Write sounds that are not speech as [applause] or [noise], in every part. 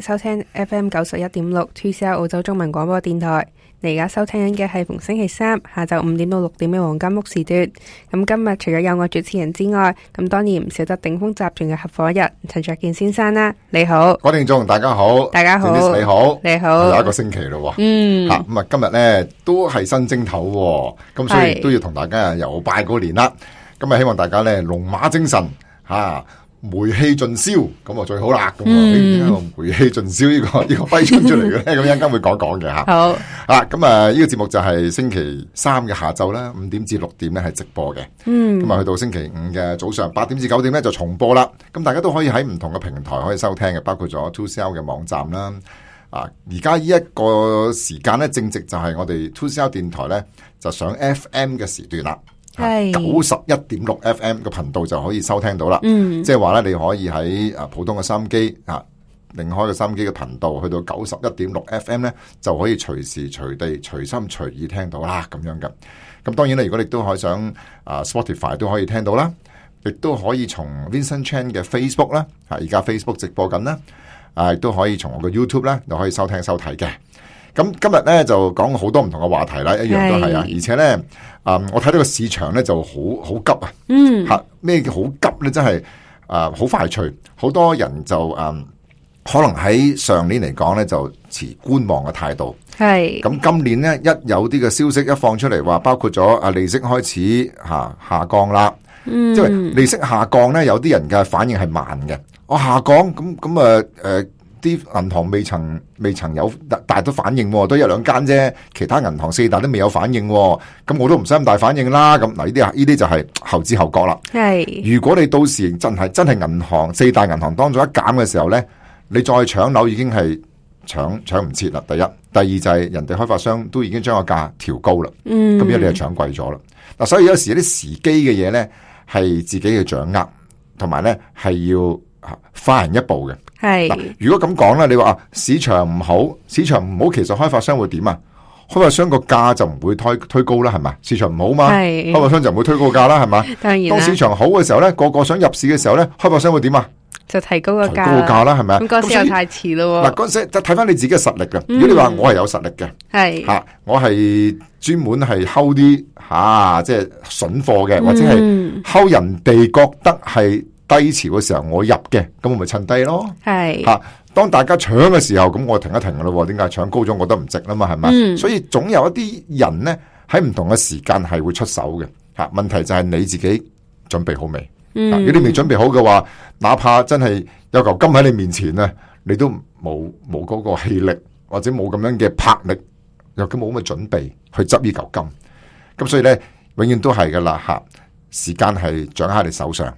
收聽 FM 九十一點六 2CR 澳洲中文廣播電台。你而家收聽緊嘅係逢星期三下晝五點到六點嘅黃金屋時段。咁今日除咗有我主持人之外，咁當然唔少得鼎豐集團嘅合夥人陳焯楗先生啦。你好，各位聽眾大家好，大家好，你好，你好，又好一個星期咯。嗯，吓咁啊，今日咧都係新正頭，咁、啊、所以都要同大家啊又拜個年啦。是今日希望大家咧龍馬精神吓。啊煤氣盡燒咁啊最好啦，咁啊呢個煤氣盡燒呢個呢個揮春出嚟嘅咧，咁一陣間會講講嘅吓。好啊，咁啊呢個節目就係星期三嘅下晝啦，五點至六點咧係直播嘅。嗯，咁啊去到星期五嘅早上八點至九點咧就重播啦。咁大家都可以喺唔同嘅平台可以收聽嘅，包括咗 2CR 嘅網站啦。啊，而家呢一個時間咧正值就係我哋 2CR 電台咧就上 F M 嘅時段啦。係九十一點六 FM 個頻道就可以收聽到啦，即係話咧，你可以喺普通嘅收音機啊，另開個收音機嘅頻道去到九十一點六 FM 咧，就可以隨時隨地、隨心隨意聽到啦，咁樣㗎。咁當然咧，如果你都可以想啊 Spotify 都可以聽到啦，亦都可以從 Vincent Chan 嘅 Facebook 啦，啊而家 Facebook 直播緊啦，啊亦都可以從我嘅 YouTube 咧，就可以收聽收睇嘅。咁今日咧就講好多唔同嘅話題啦，一樣都係啊，是的 而且咧啊，我睇到個市場咧就好好急啊，嗯，吓咩叫好急咧？真係啊，好快脆，好多人就啊，可能喺上年嚟講咧就持觀望嘅態度，係。咁今年咧一有啲嘅消息一放出嚟話，包括咗啊利息開始吓下降啦，嗯，因為利息下降咧，有啲人嘅反應係慢嘅，我、哦、下降咁咁啊誒。啲銀行未曾未曾有，大都反應喎，都有一兩間啫。其他銀行四大都未有反應喎，咁我都唔使咁大反應啦。咁嗱，呢啲啊，呢啲就係後知後覺啦。是如果你到時真係真係銀行四大銀行當咗一減嘅時候呢，你再搶樓已經係搶搶唔切啦。第一，第二就係人哋開發商都已經將個價調高啦。嗯，咁樣你就搶貴咗啦。嗱，所以有時啲時機嘅嘢呢，係自己嘅掌握，同埋呢係要快人一步嘅。係，是如果咁講咧，你話市場唔好，市場唔好，其實開發商會點啊？開發商個價就唔會推推高啦，係咪？市場唔好嘛，是開發商就唔會推高價啦，係咪？當然，當市場好嘅時候咧，個個想入市嘅時候咧，開發商會點啊？就提高個價，高個價啦，係咪了？嗰吧時又太遲咯。嗱，嗰時就睇返你自己嘅實力嘅。嗯，如果你話我係有實力嘅，係吓是，我係專門係 hold 啲吓，即係筍貨嘅，或者係 hold 人哋覺得係低潮嘅時候，我入嘅，咁我咪趁低咯。係吓是，當大家搶嘅時候，咁我停一停喇咯。點解搶高咗，我覺得唔值吖嘛，係咪？嗯、所以總有一啲人呢，喺唔同嘅時間係會出手嘅吓。問題就係你自己準備好未？嗯、如果你未準備好嘅話，哪怕真係有嚿金喺你面前呢，你都冇冇嗰個氣力，或者冇咁樣嘅魄力，又都冇咁嘅準備去執呢嚿金。咁所以呢，永遠都係噶啦吓，時間係掌握喺你手上。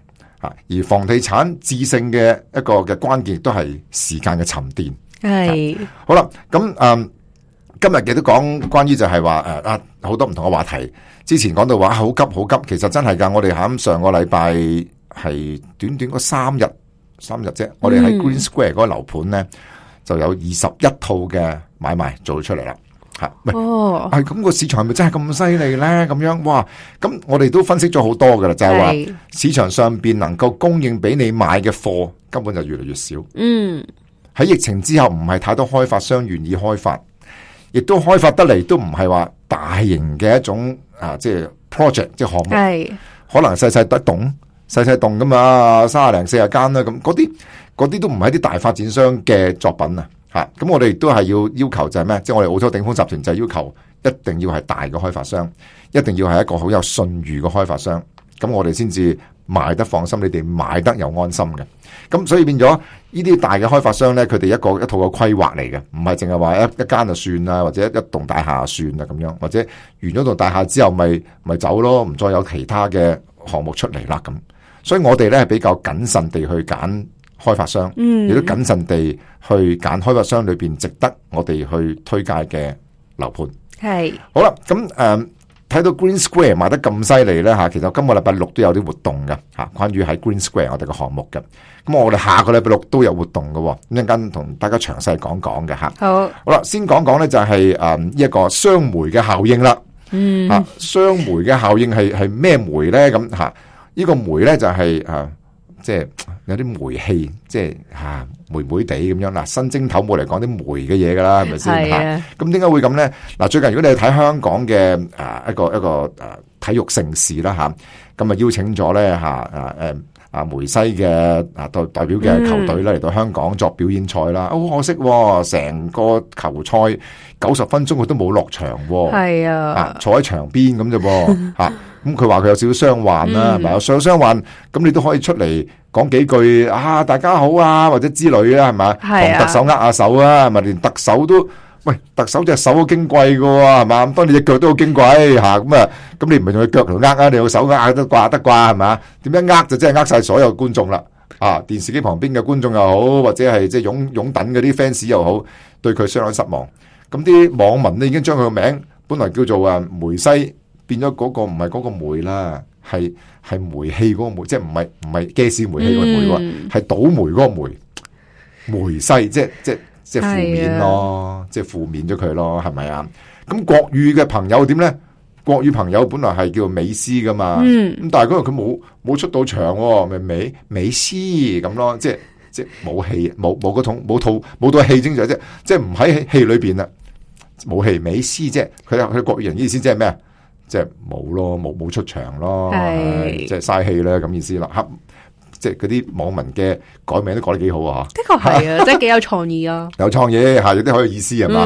而房地產致勝嘅一個嘅關鍵，亦都係時間嘅沉澱。係是、yeah. 好啦，咁、嗯、啊，今日亦都講關於就係話誒啊，好多唔同嘅話題。之前講到話好急好急，其實真係噶。我哋喺上個禮拜係短短個三日三日啫，我哋喺 Green Square 嗰個樓盤呢，嗯、就有二十一套嘅買賣做出嚟啦。吓，係，咁、哦啊，個市場咪真係咁犀利呢？咁樣，哇！咁我哋都分析咗好多噶啦，是就係話市場上邊能夠供應俾你買嘅貨，根本就越嚟越少。嗯，喺疫情之後，唔係太多開發商願意開發，亦都開發得嚟都唔係話大型嘅一種啊，即、就、係、是、project 即係項目，是可能細細得棟，細細棟咁啊，三十零四十間啦，咁嗰啲嗰啲都唔係啲大發展商嘅作品啊。吓，咁、啊、我哋都係要要求就係咩？即係我哋澳洲頂峰集團就係要求，一定要係大嘅開發商，一定要係一個好有信譽嘅開發商。咁我哋先至賣得放心，你哋買得又安心嘅。咁所以變咗呢啲大嘅開發商呢，佢哋一個一套嘅規劃嚟嘅，唔係淨係話一一間就算啦，或者一棟大廈算啦咁樣，或者完咗棟大廈之後咪咪走咯，唔再有其他嘅項目出嚟啦咁。所以我哋呢比較謹慎地去揀。開發商，亦都謹慎地去揀開發商裏邊值得我哋去推介嘅樓盤。係是好啦，咁誒，睇、嗯、到 Green Square 賣得咁犀利咧吓，其實我今個禮拜六都有啲活動嘅吓，關於喺 Green Square 我哋嘅項目嘅。咁我哋下個禮拜六都有活動嘅，咁一陣間同大家詳細講講嘅吓。好，好啦，先講講咧就係誒一個雙霉嘅效應啦。嗯，雙霉嘅效應係係咩霉咧？咁吓，呢、啊這個霉咧就係、是、誒、啊、即係。有啲霉氣，即係吓、啊、霉霉哋咁樣啦新正頭冇嚟講啲霉嘅嘢噶啦，係咪先？係啊。咁點解會咁咧？嗱、啊，最近如果你睇香港嘅誒、啊、一個一個誒、啊、體育城市啦吓，咁啊邀請咗咧吓誒誒。啊啊啊，梅西嘅啊代代表嘅球隊咧嚟到香港作表演賽啦，好可惜喎，成個球賽九十分鐘佢都冇落場喎，係啊，坐喺場邊咁啫噃，吓，咁佢話佢有少少傷患啦，係咪有少少傷患？咁你都可以出嚟講幾句啊，大家好啊，或者之類啊，係咪，同特首握下手啊，係咪連特首都。喂，特首隻手好矜貴嘅喎，係嘛？咁當你隻腳都好矜貴，吓咁啊？咁你唔係用隻腳嚟呃啊？你用手呃都掛得啩係嘛？點樣呃就真係呃晒所有觀眾啦！啊，電視機旁邊嘅觀眾又好，或者係即係擁擁等嗰啲 fans 又好，對佢相當失望。咁啲網民都已經將佢個名，本來叫做啊梅西，變咗嗰個唔係嗰個梅啦，係係煤氣嗰個煤，即係唔係唔係 gas 煤氣個煤啊？係倒霉嗰個霉，梅西即係即係。即係負面咯，即係負面咗佢咯，係咪啊？咁國語嘅朋友點咧？國語朋友本來係叫美斯噶嘛，咁、嗯、但係嗰個佢冇冇出到場，咪美美斯咁咯？即係即係冇戲，冇冇嗰桶冇套冇到戲精彩，即係即係唔喺戲裏邊啦，冇戲美斯啫。佢佢國語人意思即係咩啊？即係冇咯，冇冇出場咯，即係嘥氣啦，咁意思啦，吓。即係嗰啲網民嘅改名都改得幾好啊！的確係啊，真係幾有創意啊！有創意吓，有啲好有意思啊嘛，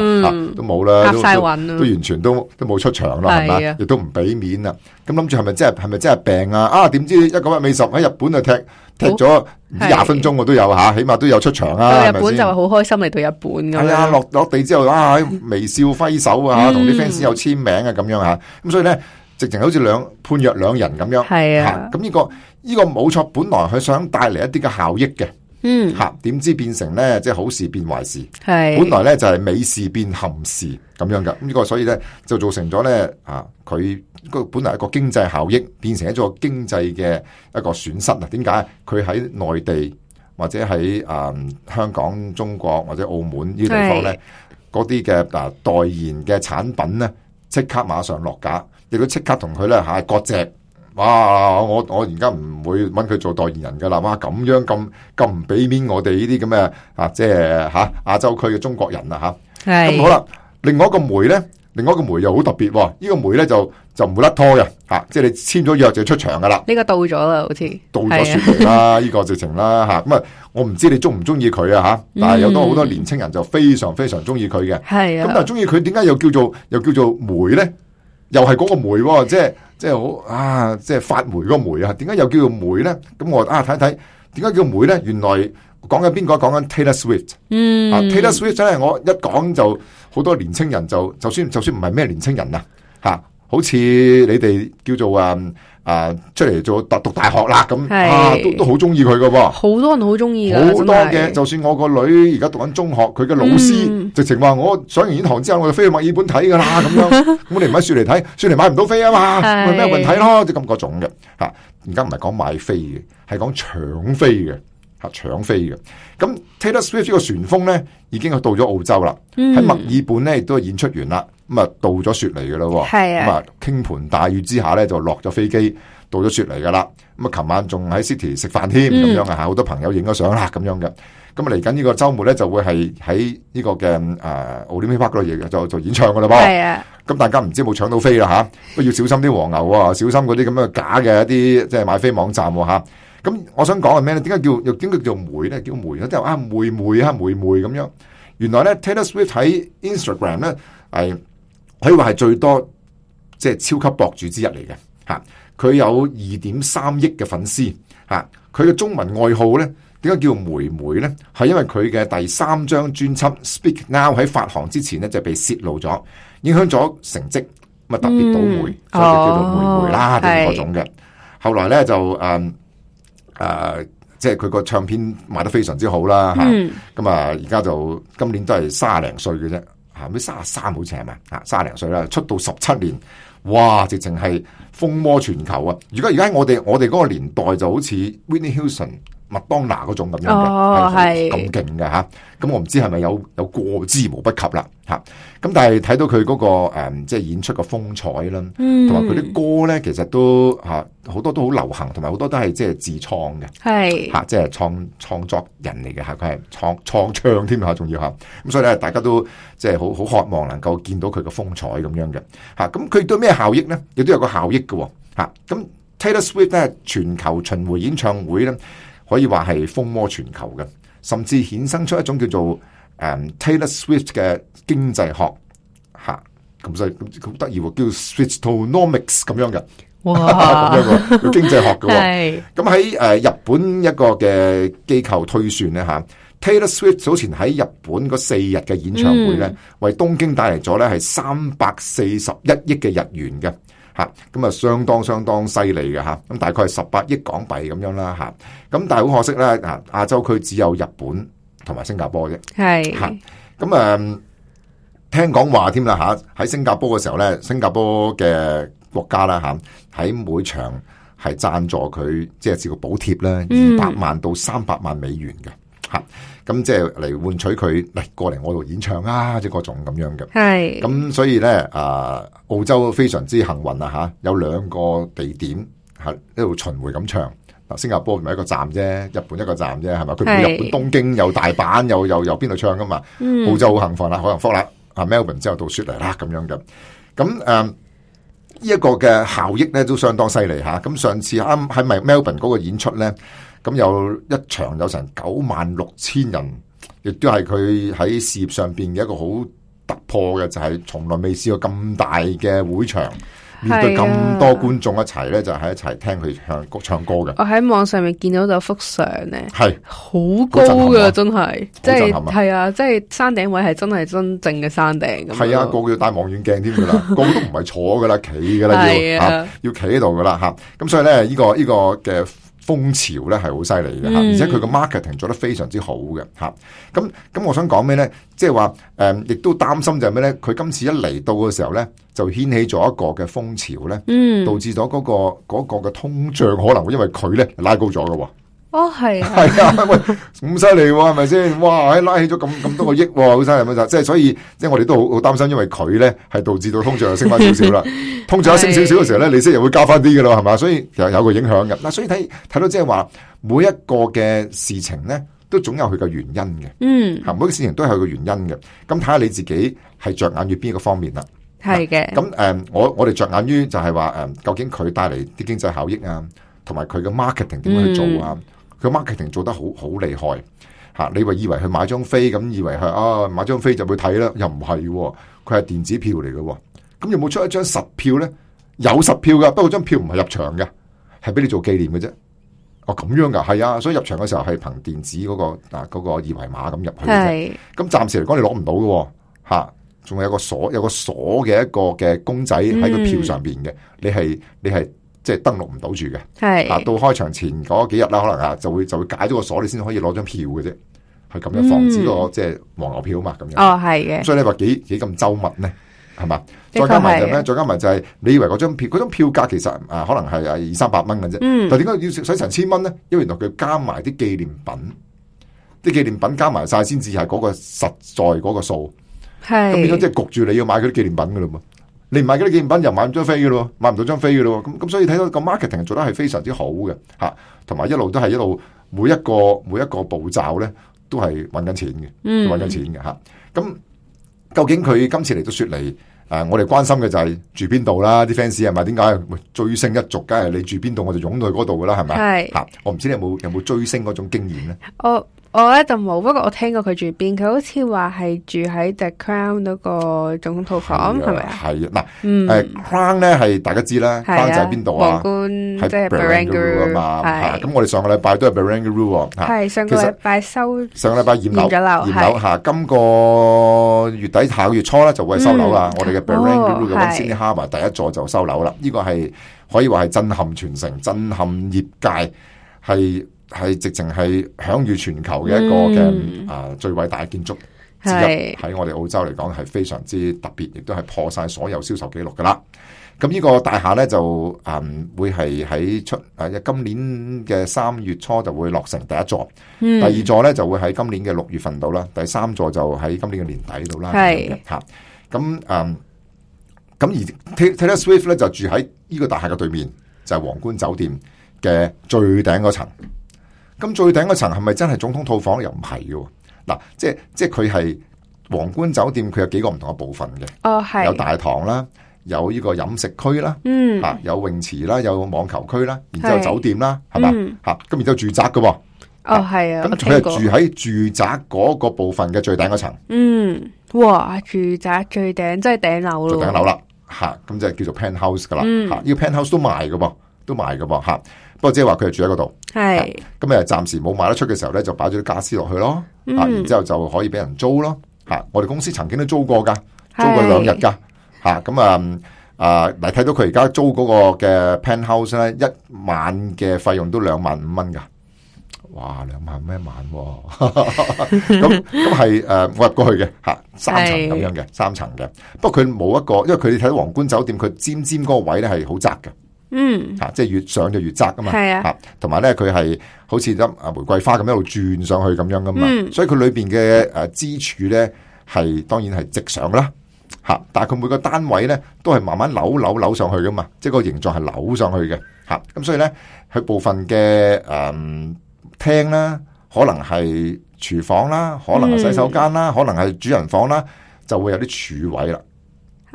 都冇啦，黑晒都完全都都冇出場啦，係咪？亦都唔俾面啊！咁諗住係咪真係係咪真係病啊？啊，點知一九一米十喺日本就踢踢咗廿分鐘我都有吓，起碼都有出場啊！日本就係好開心嚟到日本，係啊，落落地之後啊，微笑揮手啊，同啲 fans 有簽名啊，咁樣吓咁，所以咧，直情好似兩判若兩人咁樣，係啊，咁呢個。呢個冇錯，本來佢想帶嚟一啲嘅效益嘅，嗯，吓點知變成呢？即、就、係、是、好事變壞事，係是本來呢，就係、是、美事變憾事咁樣嘅。呢、這個所以呢，就造成咗呢，啊，佢個本來一個經濟效益變成一種經濟嘅一個損失啦。點解？佢喺內地或者喺啊、呃、香港、中國或者澳門呢地方咧，嗰啲嘅代言嘅產品呢，即刻馬上落架，亦都即刻同佢呢，吓、啊、割席。哇！我我而家唔會揾佢做代言人噶啦，哇！咁樣咁咁唔俾面我哋呢啲咁嘅啊，即係吓亞洲區嘅中國人啊吓。咁的好啦，另外一個梅咧，另外一個梅又好特別、哦，這個、呢個梅咧就就唔會甩拖嘅吓、啊，即係你簽咗約就要出場噶啦。呢是的 [laughs] 個到咗啦，好似到咗雪梨啦，呢個直情啦吓。咁啊，我唔知你中唔中意佢啊吓，嗯、但係有好多好多年輕人就非常非常中意佢嘅。係啊的。咁但係中意佢點解又叫做又叫做梅咧？又係嗰個梅、哦、即係。即係好啊！即係發霉個霉啊！點解又叫做霉呢咧？咁我啊睇睇點解叫霉咧？原來講緊邊個講緊 Taylor Swift？嗯、啊、Taylor Swift 真係我一講就好多年青人就就算就算唔係咩年青人啦、啊啊好似你哋叫做啊啊出嚟做讀讀大學啦咁是啊都都好中意佢噶喎，好多人好中意噶，好多嘅。就算我個女而家讀緊中學，佢嘅老師、嗯、直情話我上完呢堂之後，我就飛去墨爾本睇噶啦咁樣。咁 [laughs] 你唔喺雪嚟睇，雪嚟買唔到飛啊嘛，咪咩問題咯，即咁嗰種嘅吓。而家唔係講買飛嘅，係講搶飛嘅。吓搶飛嘅，咁 Taylor Swift 個呢個旋風咧已經係到咗澳洲啦，喺墨爾本咧亦都係演出完啦，咁啊到咗雪梨噶咯，咁啊傾盆大雨之下咧就落咗飛機，到咗雪梨噶啦，咁啊琴晚仲喺 City 食飯添咁樣啊，好多朋友影咗相啦咁樣嘅，咁啊嚟緊呢個周末咧就會係喺呢個嘅誒奧林匹克度嘢就演唱噶啦噃，咁、啊、大家唔知冇搶到飛啦吓，啊、要小心啲黃牛啊、哦，小心嗰啲咁嘅假嘅一啲即係買飛網站吓、哦。咁我想講係咩咧？點解叫又點解叫梅咧？叫梅有啲梅梅梅啊，梅梅咁樣。原來咧，Taylor Swift 喺 Instagram 咧係可以話係最多即係、就是、超級博主之一嚟嘅吓。佢、啊、有二點三億嘅粉絲吓。佢、啊、嘅中文外號咧，點解叫梅梅咧？係因為佢嘅第三張專輯 Speak Now 喺發行之前咧就被泄露咗，影響咗成績，咁啊特別倒霉，嗯、所以就叫做梅梅啦，定嗰種嘅。或是 的後來咧就誒。Um, 誒、呃，即係佢個唱片賣得非常之好啦，嚇、嗯！咁啊，而家就今年都係卅零歲嘅啫，嚇？咩卅三好似係咪？嚇，卅零歲啦，出道十七年，哇！直情係風靡全球啊！如果而家我哋我哋嗰個年代就好似 Whitney Houston 麥當娜嗰種咁樣嘅、哦，係咁勁嘅吓，咁我唔知係咪有有過之無不及啦吓、啊那個，咁但係睇到佢嗰個誒，即係演出嘅風采啦，同埋佢啲歌咧，其實都吓好多都好流行，同埋好多都係即係自創嘅、啊，係吓即係創創作人嚟嘅吓，佢係創創唱添吓，仲要吓，咁所以咧，大家都即係好好渴望能夠見到佢嘅風采咁樣嘅吓，咁佢對咩效益咧？亦都有個效益嘅吓、啊，咁 Taylor Swift 咧全球巡迴演唱會咧。可以話係風魔全球嘅，甚至衍生出一種叫做誒 Taylor Swift 嘅經濟學吓，咁所以好得意喎，叫 Swiftonomics 咁樣嘅，咁哇 樣經經濟學嘅。咁喺 [laughs] 是的 日本一個嘅機構推算咧吓、啊、Taylor Swift 早前喺日本嗰四日嘅演唱會咧，嗯、為東京帶嚟咗咧係三百四十一億嘅日元嘅。吓，咁啊相當相當犀利嘅吓，咁大概係十八億港幣咁樣啦吓，咁但係好可惜咧，啊亞洲區只有日本同埋新加坡啫，係是，咁啊、嗯、聽講話添啦吓，喺新加坡嘅時候咧，新加坡嘅國家啦吓，喺每場係贊助佢即係照受補貼咧，二百萬到三百萬美元嘅吓。嗯嗯咁即係嚟換取佢嚟過嚟我度演唱啊，即係嗰種咁樣嘅。咁是所以咧，啊澳洲非常之幸運啊嚇、啊，有兩個地點係、啊、一度巡迴咁唱。嗱、啊、新加坡唔係一個站啫，日本一個站啫係咪？佢是日本東京又大阪又又又邊度唱噶嘛？嗯、澳洲好幸運啦、啊，可能福啦、啊，啊 Melbourne 之後到雪梨啦咁樣嘅。咁誒，呢、啊、一、呢個嘅效益咧都相當犀利嚇。咁上次啱喺咪 Melbourne 嗰個演出咧？咁、嗯、有一場有成九萬六千人，亦都係佢喺事業上邊嘅一個好突破嘅，就係、是、從來未試過咁大嘅會場，面對咁多觀眾一齊咧，就喺一齊聽佢唱唱歌嘅。我喺網上面見到就幅相咧，係好高㗎，真係， [laughs] 即係係啊，即係山頂位係真係真正嘅山頂。係啊，個個要戴望遠鏡添噶啦，個個都唔係坐噶啦，企噶啦，要要企喺度噶啦，吓。咁所以咧，呢、這個呢、這個嘅。風潮咧係好犀利嘅，而且佢個 marketing 做得非常之好嘅，吓。咁咁、mm.，我想講咩咧？即係話，亦、嗯、都擔心就係咩咧？佢今次一嚟到嘅時候咧，就掀起咗一個嘅風潮咧，導致咗嗰、嗰個嗰嘅、嗰個、通脹可能會因為佢咧拉高咗嘅喎。哦，係係、oh, 啊，喂，咁犀利喎，係咪先？哇，喺拉起咗咁咁多個億，好犀利咪就是，即係所以，即係我哋都好好擔心，因為佢咧係導致到通脹又升翻少少啦。 [laughs] 通脹一升少少嘅時候咧，利息又會加翻啲嘅咯，係嘛？所以有有個影響嘅。嗱，所以睇睇到即係話每一個嘅事情咧，都總有佢嘅原因嘅。嗯，吓，每一個事情都係佢個原因嘅。咁睇下你自己係着眼於邊一個方面啦。係嘅的。咁誒、嗯，我我哋着眼於就係話誒，究竟佢帶嚟啲經濟效益啊，同埋佢嘅 marketing 點樣去做啊？嗯佢 marketing 做得好好厲害、啊、你話以為去買張飛咁，以為係啊買張飛就去睇啦，又唔係喎，佢係電子票嚟嘅喎，咁有冇出一張實票咧？有實票嘅，不過張票唔係入場嘅，係俾你做紀念嘅啫。哦、啊，咁樣噶、啊，係啊，所以入場嘅時候係憑電子嗰、嗰個、嗰個二維碼咁入去嘅。係是。咁暫時嚟講、啊，你攞唔到嘅喎，仲有個鎖，有個鎖嘅一個嘅公仔喺個票上邊嘅、嗯，你係你係。即係登錄唔到住嘅，係啊，到開場前嗰幾日啦，可能啊，就會就會解咗個鎖，你先可以攞張票嘅啫，係咁樣防止、個、嗯、即係黃牛票啊嘛，咁樣哦係嘅，所以你話幾幾咁周密咧，係嘛？確實 再加埋就咩？是的 再加埋就係、是、你以為嗰張票嗰張票價其實啊，可能係係二三百蚊嘅啫，嗯、但係點解要使成千蚊咧？因為原來佢加埋啲紀念品，啲紀念品加埋晒先至係嗰個實在嗰個數，係咁變咗，即係焗住你要買嗰啲紀念品嘅啦嘛。你唔買嗰啲紀念品，又買唔到張飛嘅咯，買唔到張飛嘅咯。咁咁所以睇到個 marketing 做得係非常之好嘅，吓，同埋一路都係一路每一個每一個步驟咧，都係搵緊錢嘅，搵緊錢嘅吓。咁究竟佢今次嚟到雪梨，誒，我哋關心嘅就係住邊度啦，啲 fans 係咪點解追星一族，梗係你住邊度我就湧去嗰度噶啦，係咪？吓，我唔知你有冇有冇追星嗰種經驗咧。我呢就冇，不過我聽過佢住邊，佢好似話係住喺 The Crown 嗰個總統套房，係咪啊？係啊，嗱，誒，Crown 呢係大家知啦，Crown 就喺邊度啊？皇冠喺 Barangaroo 咁我哋上個禮拜都係 Barangaroo 啊，係上個禮拜收上個禮拜驗樓，驗樓下，今個月底下個月初呢就會收樓啊！我哋嘅 Barangaroo 嘅 One Sydney Harbour 第一座就收樓啦，呢個係可以話係震撼全城、震撼業界係。係直情係享譽全球嘅一個嘅啊最偉大建築之一，喺我哋澳洲嚟講係非常之特別，亦都係破晒所有銷售記錄噶啦。咁呢個大廈呢，就啊會係喺出今年嘅三月初就會落成第一座，第二座呢就會喺今年嘅六月份到啦，第三座就喺今年嘅年底到啦。係吓咁啊咁，而 Taylor Swift 呢，就住喺呢個大廈嘅對面，就係皇冠酒店嘅最頂嗰層。咁最頂嗰層係咪真係總統套房？又唔係嘅。嗱、啊，即係即係佢係皇冠酒店，佢有幾個唔同嘅部分嘅。哦，係。有大堂啦，有呢個飲食區啦。嗯。啊，有泳池啦，有網球區啦，然之後有酒店啦，係嘛？吓，咁然之後住宅嘅，啊。哦，係啊。咁佢係住喺住宅嗰個部分嘅最頂嗰層。嗯，哇！住宅最頂真係頂樓咯。最頂樓啦，吓、啊、咁就叫做 penthouse 噶啦。吓、嗯、呢、啊這個 penthouse 都賣嘅噃、啊，都賣嘅噃、啊、吓、啊。不過即係話佢係住喺嗰度，係是，咁啊暫時冇賣得出嘅時候咧，就擺咗啲家私落去咯，嗯、啊，然之後就可以俾人租咯，吓，我哋公司曾經都租過噶，租過兩日噶，吓是，咁啊，啊嚟睇到佢而家租嗰個嘅 penthouse 咧，一晚嘅費用都兩萬五蚊噶，哇，兩萬咩萬、哦？咁咁係誒我入過去嘅，吓，三層咁樣嘅，是三層嘅，不過佢冇一個，因為佢睇到皇冠酒店佢尖尖嗰個位咧係好窄嘅。嗯，吓，即係越上就越窄噶嘛，吓、啊，同埋咧佢係好似啊玫瑰花咁一路轉上去咁樣噶嘛，嗯、所以佢裏邊嘅誒支柱咧係當然係直上噶啦，吓，但係佢每個單位咧都係慢慢扭扭扭上去噶嘛，即係個形狀係扭上去嘅，吓，咁所以咧佢部分嘅誒廳啦，可能係廚房啦，可能係洗手間啦，嗯、可能係主人房啦，就會有啲柱位啦。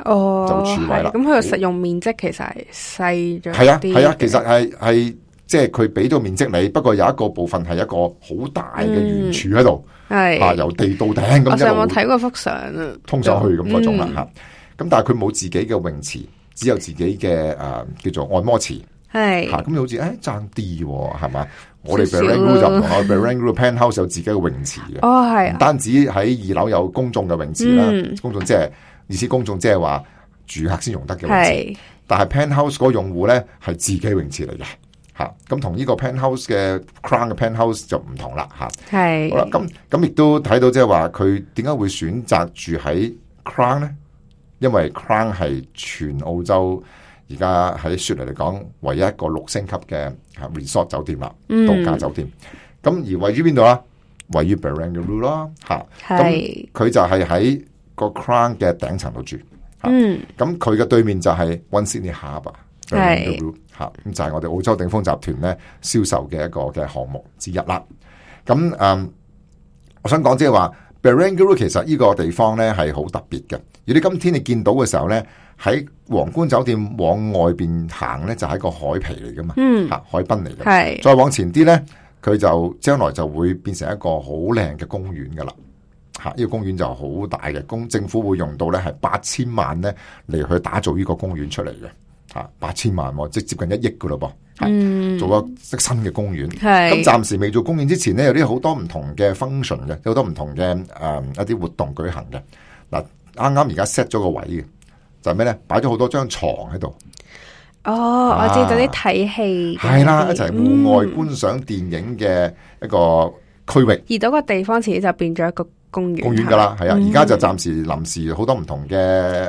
哦，啦咁佢實用面積其實係細咗係，係啊係啊，其實係係即係佢俾咗面積你，不過有一個部分係一個好大嘅圓柱喺度，係啊由地到頂咁一路。有冇睇過幅相通上去咁嗰種啦吓。咁但係佢冇自己嘅泳池，只有自己嘅誒叫做按摩池，係吓咁好似誒爭啲係嘛？我哋 Barangaroo 就唔同，Barangaroo Penthouse 有自己嘅泳池嘅，哦係，唔單止喺二樓有公眾嘅泳池啦，公眾即係。意思公眾即係話住客先用得嘅泳池，是是 但係 penthouse 嗰個用戶咧係自己泳池嚟嘅吓，咁同呢個 penthouse 嘅 Crown 嘅 penthouse 就唔同啦。吓。係好啦，咁咁亦都睇到即係話佢點解會選擇住喺 Crown 咧？因為 Crown 係全澳洲而家喺雪梨嚟講唯一一個六星級嘅 Resort 酒店啦，嗯、度假酒店。咁而位於邊度啊？位於 Barangaroo 啦吓。咁佢就係喺。個 Crown 嘅頂層度住，咁佢嘅對面就係 One Sydney Harbour 係吓咁就係、是、我哋澳洲鼎豐集團咧銷售嘅一個嘅項目之一啦。咁誒、嗯，我想講即係話 Barangaroo 其實呢個地方咧係好特別嘅。而你今天你見到嘅時候咧，喺皇冠酒店往外邊行咧，就係、是、一個海皮嚟噶嘛，吓、嗯、海濱嚟嘅，係是再往前啲咧，佢就將來就會變成一個好靚嘅公園噶啦。呢個公園就好大嘅，公政府會用到咧係八千萬咧嚟去打造呢個公園出嚟嘅，吓，八千萬即接近一億噶嘞噃，嗯，做咗個新嘅公園。係咁是、嗯，暫時未做公園之前咧，有啲好多唔同嘅 function 嘅，有好多唔同嘅誒一啲活動舉行嘅。嗱，啱啱而家 set 咗個位嘅，就係咩咧？擺咗好多張床喺度。哦，啊、我知，到啲睇戲係啦，一、就、齊、是、戶外觀賞電影嘅一個區域。而、嗯、到個地方前就變咗一個。公園噶啦，係、嗯、啊！而家就暫時臨時好多唔同嘅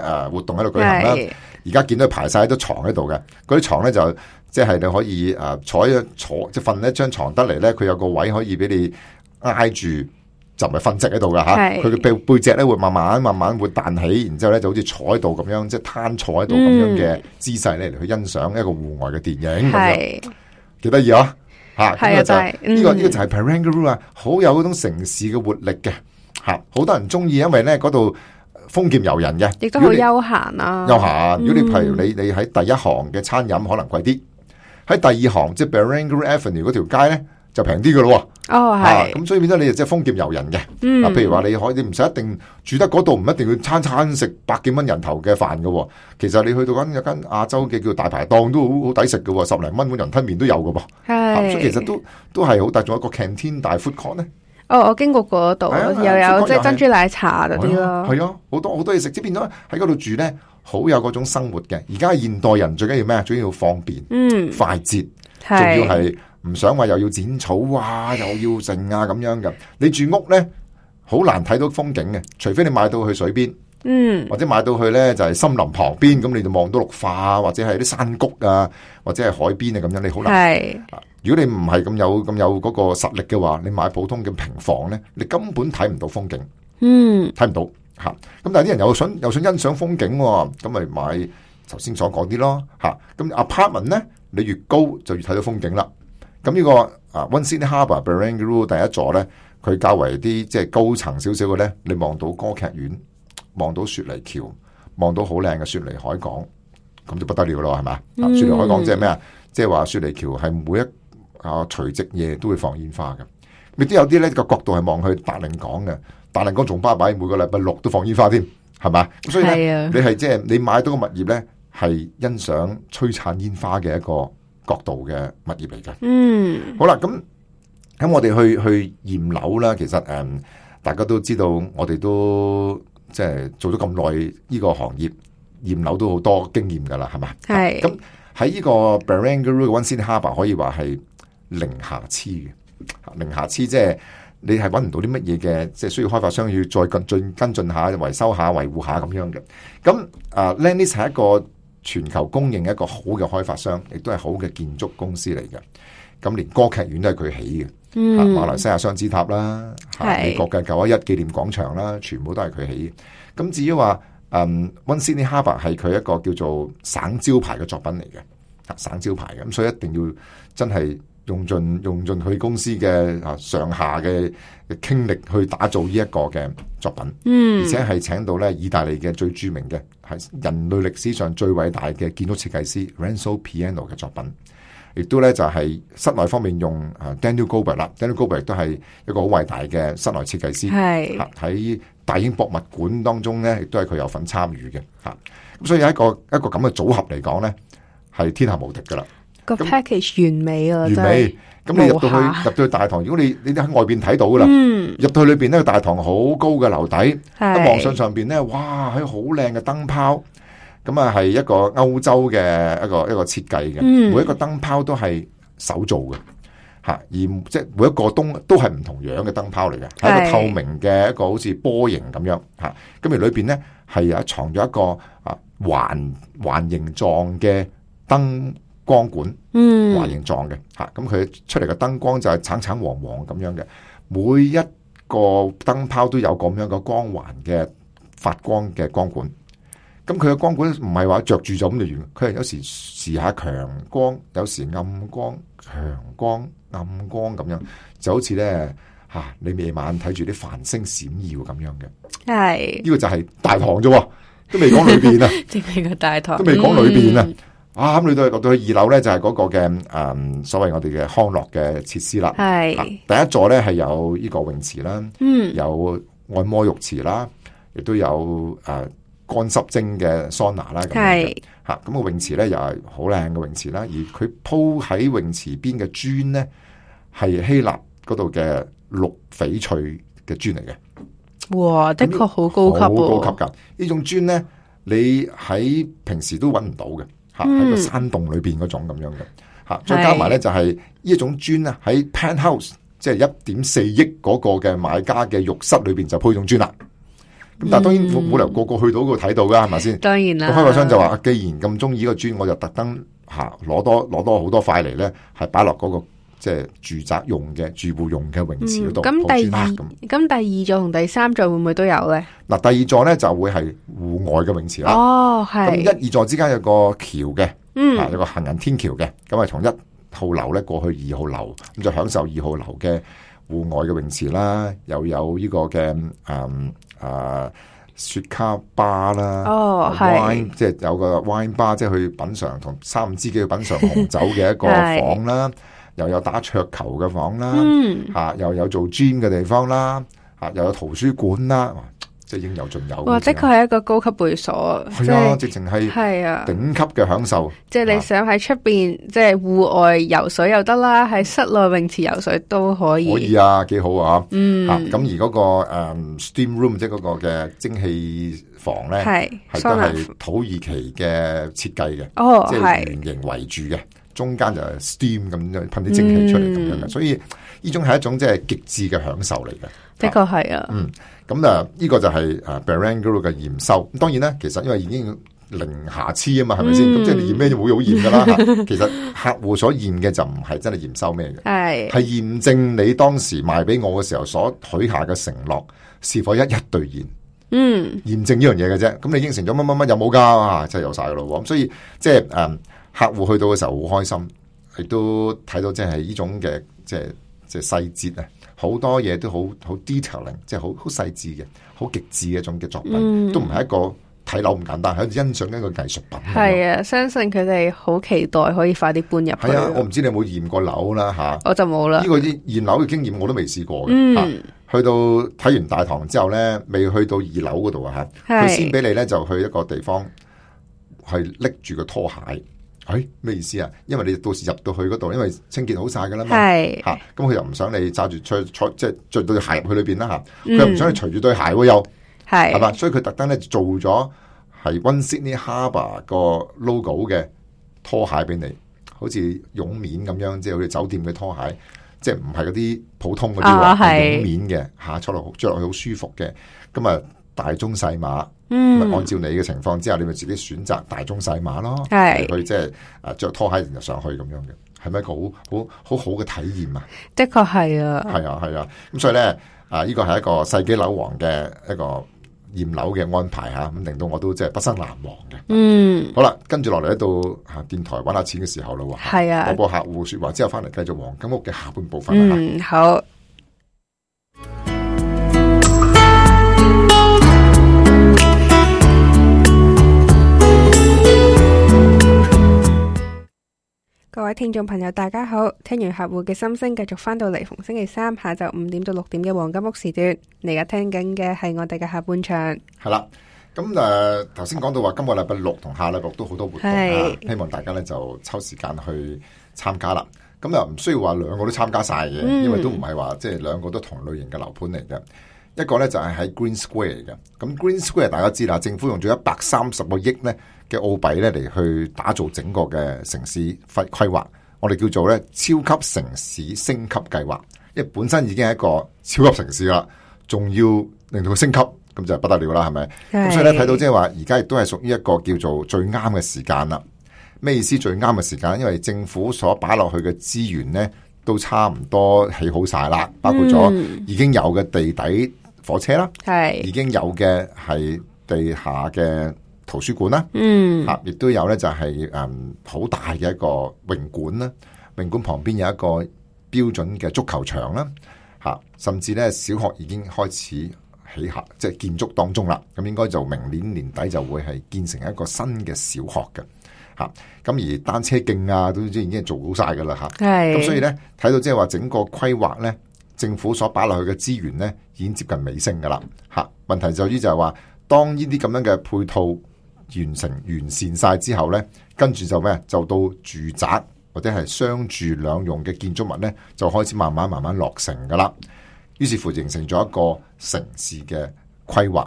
誒活動喺度舉行啦。而家見到排晒喺啲床喺度嘅，嗰啲床咧就即、是、係你可以誒坐一坐，即瞓一張床得嚟咧，佢有個位可以俾你挨住，就唔係瞓直喺度噶吓。佢嘅是背背脊咧會慢慢慢慢會彈起，然之後咧就好似坐喺度咁樣，即係攤坐喺度咁樣嘅姿勢咧嚟去欣賞一個戶外嘅電影咁是樣，幾得意啊！吓、啊，呢個就呢個呢個就係 Barangaroo 啊，好有嗰種城市嘅活力嘅。好多人中意，因為咧嗰度豐儉由人嘅，亦都好悠閒啊。悠閒。如果你譬如你你喺第一行嘅餐飲可能貴啲，喺、嗯、第二行即係、就是、Barangaroo Avenue 嗰條街咧就平啲嘅咯喎。哦，係。咁、啊、所以變咗你即係豐儉由人嘅。嗯。啊，譬如話你可以唔使一定住得嗰度，唔一定要餐餐食百幾蚊人頭嘅飯嘅。其實你去到間有間亞洲嘅叫大排檔都好好抵食嘅喎，十零蚊碗人吞麵都有嘅噃。係是、啊。所以其實都都係好大，仲有一個 canteen 大 Food Court 咧。哦，我經過嗰度，的又有即珍珠奶茶嗰啲咯。係啊，好多好多嘢食，即變咗喺嗰度住咧，好有嗰種生活嘅。而家現代人最緊要咩？最緊要方便、嗯、快捷，仲要係唔想話又要剪草哇、啊，又要剩啊咁樣嘅。你住屋咧，好難睇到風景嘅，除非你買到去水邊，嗯，或者買到去咧就係、是、森林旁邊，咁你就望到綠化或者係啲山谷啊，或者係海邊啊咁樣，你好難係。如果你唔係咁有咁有嗰個實力嘅話，你買普通嘅平房咧，你根本睇唔到風景，嗯，睇唔到嚇。咁但係啲人又想又想欣賞風景、哦，咁咪買頭先所講啲咯嚇。咁、啊、apartment 咧，你越高就越睇到風景啦。咁呢、呢個啊，One Sydney Harbour Barangaroo 第一座咧，佢較為啲即係高層少少嘅咧，你望到歌劇院，望到雪梨橋，望到好靚嘅雪梨海港，咁就不得了咯，係嘛？嗯、雪梨海港即係咩啊？即係話雪梨橋係每一啊！除夕夜都會放煙花嘅，亦都有啲咧個角度係望去達令港嘅。達令港仲巴閉，每個禮拜六都放煙花添，係嘛？所以咧，是啊、你係即係你買到個物業咧，係欣賞璀璨煙花嘅一個角度嘅物業嚟嘅。嗯，好啦，咁咁我哋去去驗樓啦。其實誒、嗯，大家都知道，我哋都即係做咗咁耐呢個行業，驗樓都好多經驗噶啦，係嘛？係。咁喺呢個 Barangaroo One Sydney Harbour 可以話係。零瑕疵嘅，零瑕疵即係你係揾唔到啲乜嘢嘅，即係需要開發商要再跟進跟進下維修一下維護下咁樣嘅。咁啊，Lendlease 係一個全球公認一個好嘅開發商，亦都係好嘅建築公司嚟嘅。咁連歌劇院都係佢起嘅，嗯，馬來西亞雙子塔啦、是美國嘅九一一紀念廣場啦，全部都係佢起嘅。咁至於話，嗯 One Sydney Harbour 係佢一個叫做省招牌嘅作品嚟嘅，省招牌嘅，咁所以一定要真係。用盡用盡佢公司嘅啊上下嘅傾力去打造呢一個嘅作品，嗯，mm. 而且係請到咧意大利嘅最著名嘅，係人類歷史上最偉大嘅建築設計師、mm. r a n z o Piano 嘅作品，亦都咧就係、是、室內方面用啊 Daniel Gobert 啦、mm.，Daniel Gobert 亦都係一個好偉大嘅室內設計師，係、mm. 啊，喺大英博物館當中咧，亦都係佢有份參與嘅，嚇、啊，咁所以一個一個咁嘅組合嚟講咧，係天下無敵噶啦。個 package 完美啊！完美，咁你入到去，入到去大堂。如果你你喺外邊睇到噶啦，入到去裏邊咧，個大堂好高嘅樓底，咁望上上邊咧，哇，係好靚嘅燈泡，咁啊係一個歐洲嘅一個一個設計嘅，每一個燈泡都係手做嘅，吓，而即係每一個燈都係唔同樣嘅燈泡嚟嘅，係一個透明嘅一個好似波形咁樣吓，咁而裏邊咧係有一藏咗一個啊環環形狀嘅燈。光管，華嗯，環形狀嘅，吓咁佢出嚟嘅燈光就係橙橙黃黃咁樣嘅，每一個燈泡都有咁樣嘅光環嘅發光嘅光管，咁佢嘅光管唔係話着住咗咁就完，佢係有時試下強光，有時暗光，強光暗光咁樣，就好似咧吓你夜晚睇住啲繁星閃耀咁樣嘅，係呢個就係大堂啫，都未講裏邊啊，呢 [laughs] 個大堂、嗯、都未講裏邊啊。啊，去到去到二樓咧，就係嗰個嘅誒，所謂我哋嘅康樂嘅設施啦。係第一座咧，係有依個泳池啦，嗯，有按摩浴池啦，亦都有誒乾濕蒸嘅桑拿啦。係吓咁個泳池咧，又係好靚嘅泳池啦。而佢鋪喺泳池邊嘅磚咧，係希臘嗰度嘅綠翡翠嘅磚嚟嘅。哇，的確好高級，好高級噶，呢種磚咧，你喺平時都揾唔到嘅。吓喺個山洞裏邊嗰種咁樣嘅，吓、嗯、再加埋咧就係呢一種磚咧喺 penthouse 即係一點四億嗰個嘅買家嘅浴室裏邊就鋪種磚啦。咁、嗯、但係當然冇冇理由個個去到嗰度睇到噶係咪先？當然啦。個開發商就話：既然咁中意呢個磚，我就特登吓攞多攞多好多塊嚟咧，係擺落嗰個。即係住宅用嘅、住戶用嘅泳池嗰度、嗯，咁第二咁、啊，第二座同第三座會唔會都有咧？嗱，第二座咧就會係戶外嘅泳池啦。哦，係咁，一二座之間有個橋嘅，嗯，啊、有個行人天橋嘅，咁啊，從一號樓咧過去二號樓，咁就享受二號樓嘅戶外嘅泳池啦，又有呢個嘅誒誒雪卡巴啦，哦，係，wine, 即係有個 wine bar，即係去品嘗同三五知己去品嘗紅酒嘅一個房啦。 [laughs] 又有打桌球嘅房啦，嚇又有做 gym 嘅地方啦，嚇又有圖書館啦，即係應有盡有。或者佢係一個高級會所，係啊，直情係係啊頂級嘅享受。即係你想喺出邊，即係戶外游水又得啦，喺室內泳池游水都可以。可以啊，幾好啊！嗯，咁而嗰個誒 steam room 即係嗰個嘅蒸汽房咧，係都係土耳其嘅設計嘅，即係圓形圍住嘅。中間就 Steam 咁樣噴啲蒸汽出嚟咁、嗯、樣嘅，所以呢種係一種即係極致嘅享受嚟嘅。的確係啊。嗯，咁啊呢個就係啊 Barangaroo，er，嘅驗收。咁當然啦，其實因為已經零瑕疵啊嘛，係咪先？咁即係驗咩就你會好驗噶啦。 [laughs] 其實客戶所驗嘅就唔係真係驗收咩嘅，係係驗證你當時賣俾我嘅時候所許下嘅承諾是否一一兌現，嗯啊，就是。嗯，驗證呢樣嘢嘅啫。咁你應承咗乜乜乜有冇噶，真係有晒噶咯。咁所以即係誒。客戶去到嘅時候好開心，亦都睇到即係呢種嘅即係即係細節啊！好、就是就是、多嘢都好好 detailing，即係好好細緻嘅，好極致嘅一種嘅作品，嗯、都唔係一個睇樓咁簡單，係欣賞一個藝術品。係啊，相信佢哋好期待可以快啲搬入。係啊，我唔知你有冇驗過樓啦吓，我就冇啦。呢個驗驗樓嘅經驗我都未試過嘅。嗯、去到睇完大堂之後咧，未去到二樓嗰度啊吓，佢先俾你咧就去一個地方去拎住個拖鞋。誒，咩、哎、意思啊？因為你到時入到去嗰度，因為清潔好晒噶啦嘛，吓是，咁佢、啊、又唔想你揸住穿穿，即係著對鞋入去裏邊啦，吓、啊，佢、嗯、又唔想你除住對鞋喎、啊、又，係是，係嘛，所以佢特登咧做咗係 One Sydney Harbour 個 logo 嘅拖鞋俾你，好似絨面咁樣，即係好似酒店嘅拖鞋，即係唔係嗰啲普通嗰啲，係絨、啊、面嘅吓，坐落着落去好舒服嘅，咁、嗯、啊大中細碼。嗯，按照你嘅情況之下，你咪自己選擇大中細碼咯，係去即係啊着拖鞋就上去咁樣嘅，係咪一個好好好好嘅體驗啊？的確係啊，係啊係啊，咁、啊、所以咧啊，呢、這個係一個世紀樓王嘅一個驗樓嘅安排吓、啊，咁令到我都即係畢生難忘嘅、啊。嗯，好啦，跟住落嚟喺度電台揾下錢嘅時候咯，係啊，我播、啊、客戶說話之後翻嚟，繼續黃金屋嘅下半部分啊。嗯、好。各位聽眾朋友，大家好！聽完客戶嘅心聲，繼續翻到嚟，逢星期三下晝五點到六點嘅黃金屋時段，而家聽緊嘅係我哋嘅下半場。係啦，咁誒，頭先講到話，今個禮拜六同下禮拜六都好多活動啦，啊，希望大家咧就抽時間去參加啦。咁又唔需要話兩個都參加晒嘅因為都唔係話即係兩個都同類型嘅樓盤嚟嘅。一個咧就係喺 Green Square 嚟嘅，咁 Green Square 大家知啦，政府用咗一百三十個億咧嘅澳幣咧嚟去打造整個嘅城市規規劃，我哋叫做咧超級城市升級計劃，因為本身已經係一個超級城市啦，仲要令到佢升級，咁就不得了啦，係咪？咁是所以咧睇到即係話，而家亦都係屬於一個叫做最啱嘅時間啦。咩意思最啱嘅時間？因為政府所擺落去嘅資源咧，都差唔多起好晒啦，包括咗已經有嘅地底。嗯火車啦，係是已經有嘅係地下嘅圖書館啦，嗯，吓亦都有咧就係誒好大嘅一個泳館啦，泳館旁邊有一個標準嘅足球場啦，吓甚至咧小學已經開始起下即係建築當中啦，咁應該就明年年底就會係建成一個新嘅小學嘅，吓咁而單車徑啊都已經做好晒噶啦吓，係咁所以咧睇到即係話整個規劃咧。政府所擺落去嘅資源咧，已經接近尾聲噶啦。吓，問題就於就係話，當呢啲咁樣嘅配套完成完善晒之後呢，跟住就咩？就到住宅或者係商住兩用嘅建築物呢，就開始慢慢慢慢落成噶啦。於是乎，形成咗一個城市嘅規劃，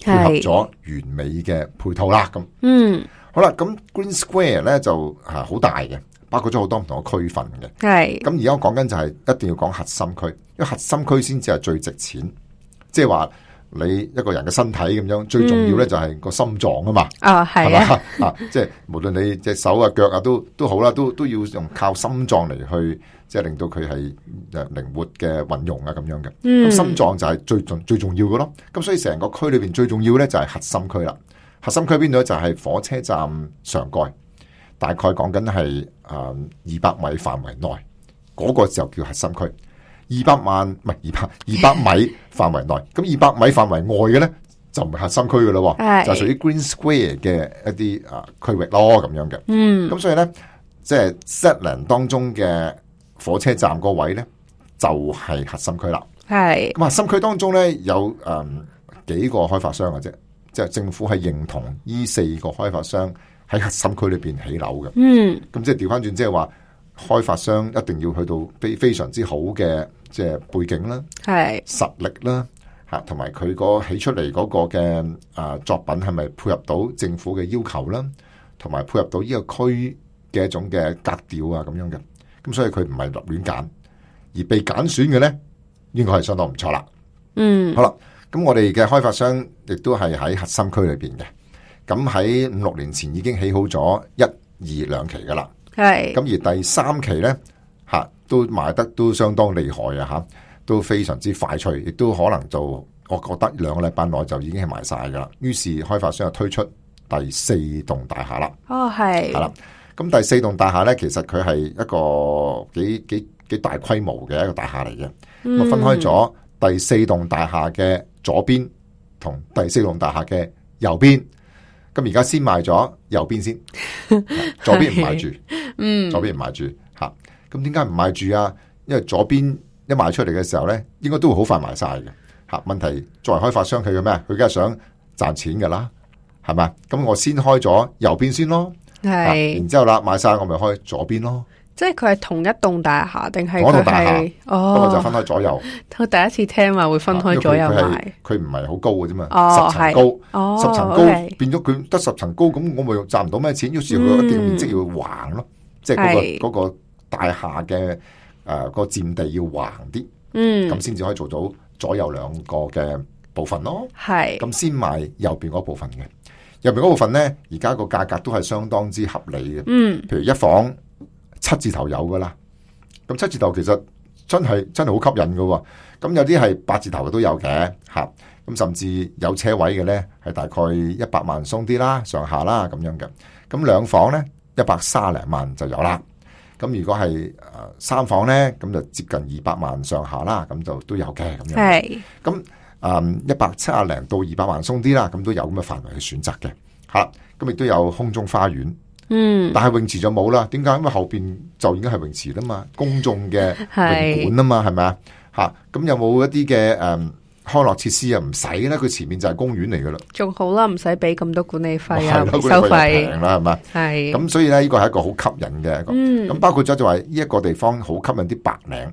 配合咗完美嘅配套啦。咁是，那嗯，好啦，咁 Green Square 呢就啊好大嘅。包括咗好多唔同嘅區份嘅，係咁而家我講緊就係一定要講核心區，因為核心區先至係最值錢，即係話你一個人嘅身體咁樣最重要咧就係個心臟啊嘛，啊係、嗯哦、啊，吧 [laughs] 啊即係、就是、無論你隻手啊腳啊都都好啦、啊，都都要用靠心臟嚟去即係、就是、令到佢係誒靈活嘅運用啊咁樣嘅，咁、嗯、心臟就係最重最重要嘅咯，咁所以成個區裏邊最重要咧就係核心區啦，核心區邊度就係、是、火車站上蓋。大概講緊係誒二百米範圍內，嗰、那個就叫核心區。二百萬唔係二百二百米範圍內，咁二百米範圍外嘅咧就唔係核心區噶啦，是就屬於 Green Square 嘅一啲、嗯、啊區域咯，咁樣嘅。嗯，咁所以咧，即係 Zetland 當中嘅火車站嗰位咧，就係核心區啦。係咁核心區當中咧有誒幾個開發商嘅啫，即、就、係、是、政府係認同呢四個開發商。喺核心區裏邊起樓嘅，嗯，咁即係調翻轉，即係話開發商一定要去到非非常之好嘅，即係背景啦，係是實力啦，吓，同埋佢個起出嚟嗰個嘅啊作品係咪配合到政府嘅要求啦，同埋配合到呢個區嘅一種嘅格調啊這的，咁樣嘅，咁所以佢唔係立亂揀，而被揀選嘅咧，應該係相當唔錯啦。嗯，好啦，咁我哋嘅開發商亦都係喺核心區裏邊嘅。咁喺五六年前已經起好咗一二兩期噶啦，係咁是而第三期呢，吓都賣得都相當厲害啊吓，都非常之快脆，亦都可能就我覺得兩個禮拜內就已經係賣晒噶啦。於是開發商就推出第四棟大廈啦。哦，係，係啦。咁第四棟大廈呢，其實佢係一個幾幾幾大規模嘅一個大廈嚟嘅。咁分開咗第四棟大廈嘅左邊同第四棟大廈嘅右邊。咁而家先賣咗右邊先，左邊唔賣住，嗯，左邊唔賣住，吓，咁點解唔賣住啊？因為左邊一賣出嚟嘅時候咧，應該都會好快賣晒嘅，吓。問題作為開發商佢嘅咩？佢梗係想賺錢噶啦，係嘛？咁我先開咗右邊先咯，係，然之後啦，賣晒我咪開左邊咯。即係佢係同一棟大廈，定係？嗰棟大廈哦，不過就分開左右。我第一次聽話會分開左右，係佢唔係好高嘅啫嘛，十層高，十層高變咗佢得十層高，咁我咪賺唔到咩錢？於是佢一啲面積要橫咯，即係嗰個個大廈嘅誒個佔地要橫啲，咁先至可以做到左右兩個嘅部分咯。係咁先買右邊嗰部分嘅，右邊嗰部分咧而家個價格都係相當之合理嘅。嗯，譬如一房。七字頭有噶啦，咁七字頭其實真係真係好吸引噶、哦，咁有啲係八字頭嘅都有嘅，吓、啊，咁甚至有車位嘅呢係大概一百萬鬆啲啦，上下啦咁樣嘅，咁兩房呢，一百三十零萬就有啦，咁如果係三房呢，咁就接近二百萬上下啦，咁就都有嘅咁樣，係是，咁啊、嗯、一百七十零到二百萬鬆啲啦，咁都有咁嘅範圍去選擇嘅，吓、啊，咁亦都有空中花園。嗯，但係泳池就冇啦。點解？因為後邊就已經係泳池啦嘛，公眾嘅泳館啊嘛，係咪是啊？吓咁有冇一啲嘅誒康樂設施啊？唔使咧，佢前面就係公園嚟噶啦，仲好啦，唔使俾咁多管理費啊，收費平啦，係嘛？係咁，的的所以咧呢、呢個係一個好吸引嘅一個。咁、嗯、包括咗就話呢一個地方好吸引啲白領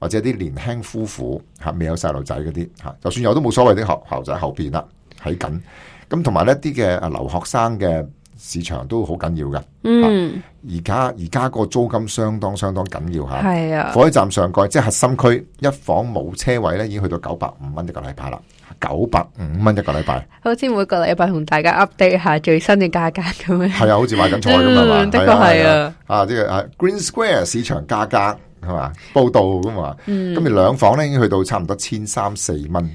或者啲年輕夫婦吓、啊，未有細路仔嗰啲吓，就算有都冇所謂啲學校仔後邊啦，喺緊咁，同埋一啲嘅留學生嘅。市場都好緊要㗎。而家而家個租金相當相當緊要吓，係啊、火車站上蓋即係核心區一房冇車位咧，已經去到九百五蚊一個禮拜啦，九百五蚊一個禮拜，好似每個禮拜同大家 update 下最新嘅價格咁樣，係啊， [laughs] 好似買緊菜咁樣的確係啊，啊即係啊，啊，啊 Green Square 市場價格係嘛報道咁嘛，咁咪兩房咧已經去到差唔多千三四蚊。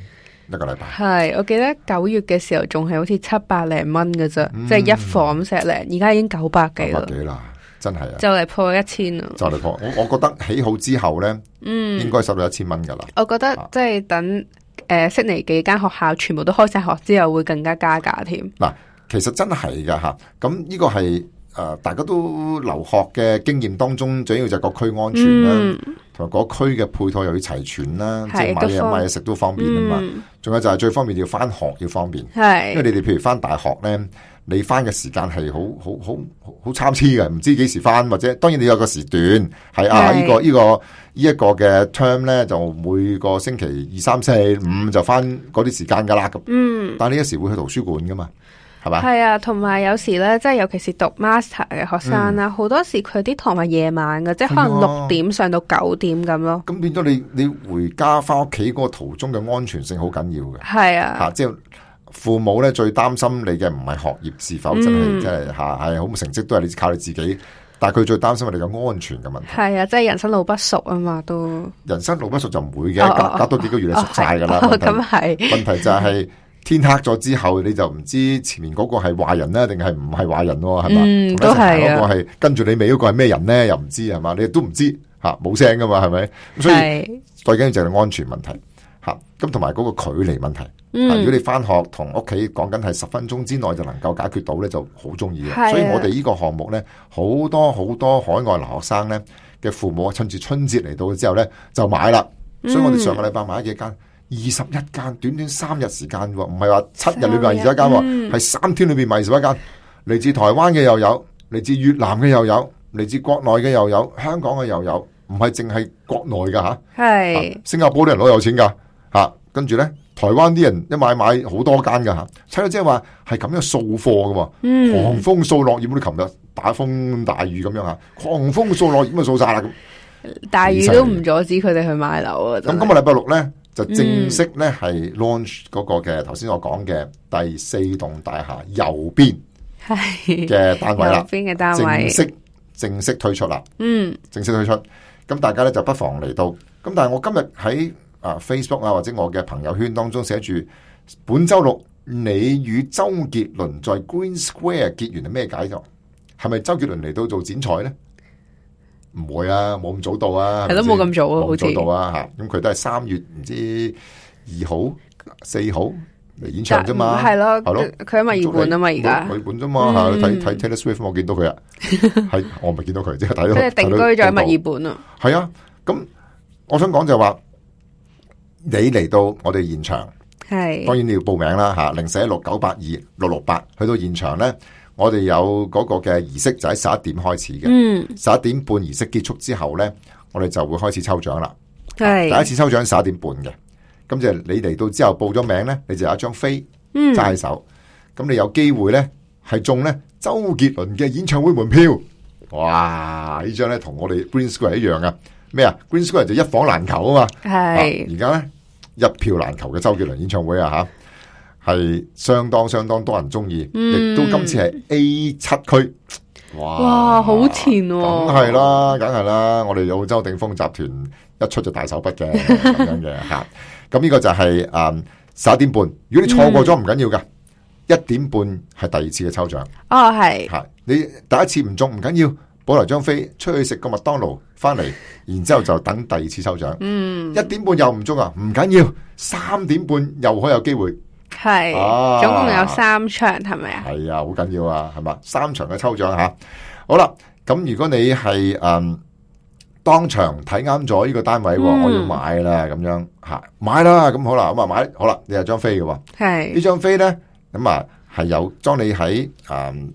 一個禮拜，係，我記得九月嘅時候仲係好似七百零蚊嘅啫。嗯、即係一房石零，而家已經九百幾啦，真係啊！就嚟破一千啦！就嚟破，我我覺得起好之後咧，嗯，應該收到一千蚊噶啦。我覺得即係等誒悉尼幾間學校全部都開晒學之後，會更加加價添。嗱，其實真係噶吓，咁呢個係。誒，大家都留學嘅經驗當中，最緊要就係個區安全啦，同埋、嗯、個區嘅配套又要齊全啦，嗯、即買嘢、說買嘢食都方便啊嘛。仲、嗯、有就係最方便要翻學要方便，係、嗯，因為你哋譬如翻大學咧，你翻嘅時間係好好好好參差嘅，唔知幾時翻，或者當然你有個時段係啊，呢個呢個呢一個嘅 term 咧，就每個星期二三四五就翻嗰啲時間噶啦咁。嗯，但係你有時會去圖書館噶嘛。係啊，同埋有時咧，即係尤其是讀 master 嘅學生啦，好多時佢啲堂係夜晚嘅，即係可能六點上到九點咁咯。咁變咗你你回家翻屋企嗰個途中嘅安全性好緊要嘅。係啊，吓即係父母咧最擔心你嘅唔係學業是否真係即係吓係好唔成績都係你靠你自己，但係佢最擔心你嘅安全嘅問題。係啊，即係人生路不熟啊嘛，都人生路不熟就唔會嘅，隔多幾個月你熟晒噶啦。咁係問題就係。天黑咗之後，你就唔知前面嗰個係壞人呢，定係唔係壞人喎？係嘛、嗯？吧嗯，都係啊、嗰個係跟住你尾嗰個係咩人呢？又唔知係嘛？你都唔知嚇，冇、啊、聲噶嘛？係咪？是所以最緊要就係安全問題嚇。咁同埋嗰個距離問題。嗯啊、如果你翻學同屋企講緊係十分鐘之內就能夠解決到呢，就好中意嘅。啊、所以我哋呢個項目呢，好多好多海外留學生呢嘅父母趁住春節嚟到之後呢，就買啦。所以我哋上個禮拜買咗幾間。嗯二十一間，短短三日時間，唔係話七日裏邊二十一間，係三、嗯、三天裏邊賣二十一間。嚟自台灣嘅又有，嚟自越南嘅又有，嚟自國內嘅又有，香港嘅又有，唔係淨係國內噶吓。係是、啊、新加坡啲人好有錢噶吓，跟住咧台灣啲人一買買好多間噶吓。睇到即係話係咁樣掃貨噶，狂風掃落葉嗰啲，琴日打風大雨咁樣吓，狂風掃落葉咪掃晒啦。大雨都唔阻止佢哋去買樓啊。咁今日禮拜六咧？就正式呢係 launch 嗰個嘅，頭先、嗯、我講嘅第四棟大廈右邊嘅單位啦，右邊嘅單位正式正式推出啦。嗯，正式推出，咁、嗯、大家呢就不妨嚟到。咁但係我今日喺啊 Facebook 啊或者我嘅朋友圈當中寫住，本周六你與周杰倫在 Green Square 結緣係咩解咗？係咪周杰倫嚟到做剪彩呢？」唔會啊，冇咁早到啊，係都冇咁早啊，冇早到啊，吓，咁佢都係三月唔知二號、四號嚟演唱啫嘛。係咯，係咯，佢喺墨爾本啊嘛，而家佢喺墨爾本啫嘛，吓，睇睇 Taylor Swift，我見到佢啊，係我咪見到佢，即係睇到，即係定居咗喺墨爾本啊。係啊，咁我想講就話你嚟到我哋現場，係，當然你要報名啦，吓，零四一六九八二六六八去到現場咧。我哋有嗰個嘅儀式就喺十一點開始嘅，嗯、十一點半儀式結束之後咧，我哋就會開始抽獎啦。係是、啊、第一次抽獎十一點半嘅，咁就你嚟到之後報咗名咧，你就有一張飛揸喺手，咁、嗯、你有機會咧係中咧周杰倫嘅演唱會門票，哇！這張呢張咧同我哋 Green Square 一樣啊，咩啊？Green Square 就一房難求啊嘛，係而家咧一票難求嘅周杰倫演唱會啊吓。係相當相當多人中意，亦、嗯、都今次係 A 七區，哇，哇好前喎，啊，梗係啦，梗係啦，我哋澳洲鼎豐集團一出就大手筆嘅咁樣嘅吓，咁、嗯、呢個就係誒十一點半，如果你錯過咗唔緊要噶，一、嗯、點半係第二次嘅抽獎，哦係、啊，係你第一次唔中唔緊要，保留張飛出去食個麥當勞，翻嚟，然之後就等第二次抽獎，嗯，一點半又唔中啊，唔緊要，三點半又可以有機會。係，總共有三場，係咪啊？係啊，啊，啊，好緊要啊，係嘛？三場嘅抽獎吓，好啦。咁如果你係嗯當場睇啱咗呢個單位，嗯、我要買啦，咁樣吓，買啦。咁好啦，咁啊買，好啦，你有張飛嘅喎。係呢張飛咧，咁啊係有，當你喺嗯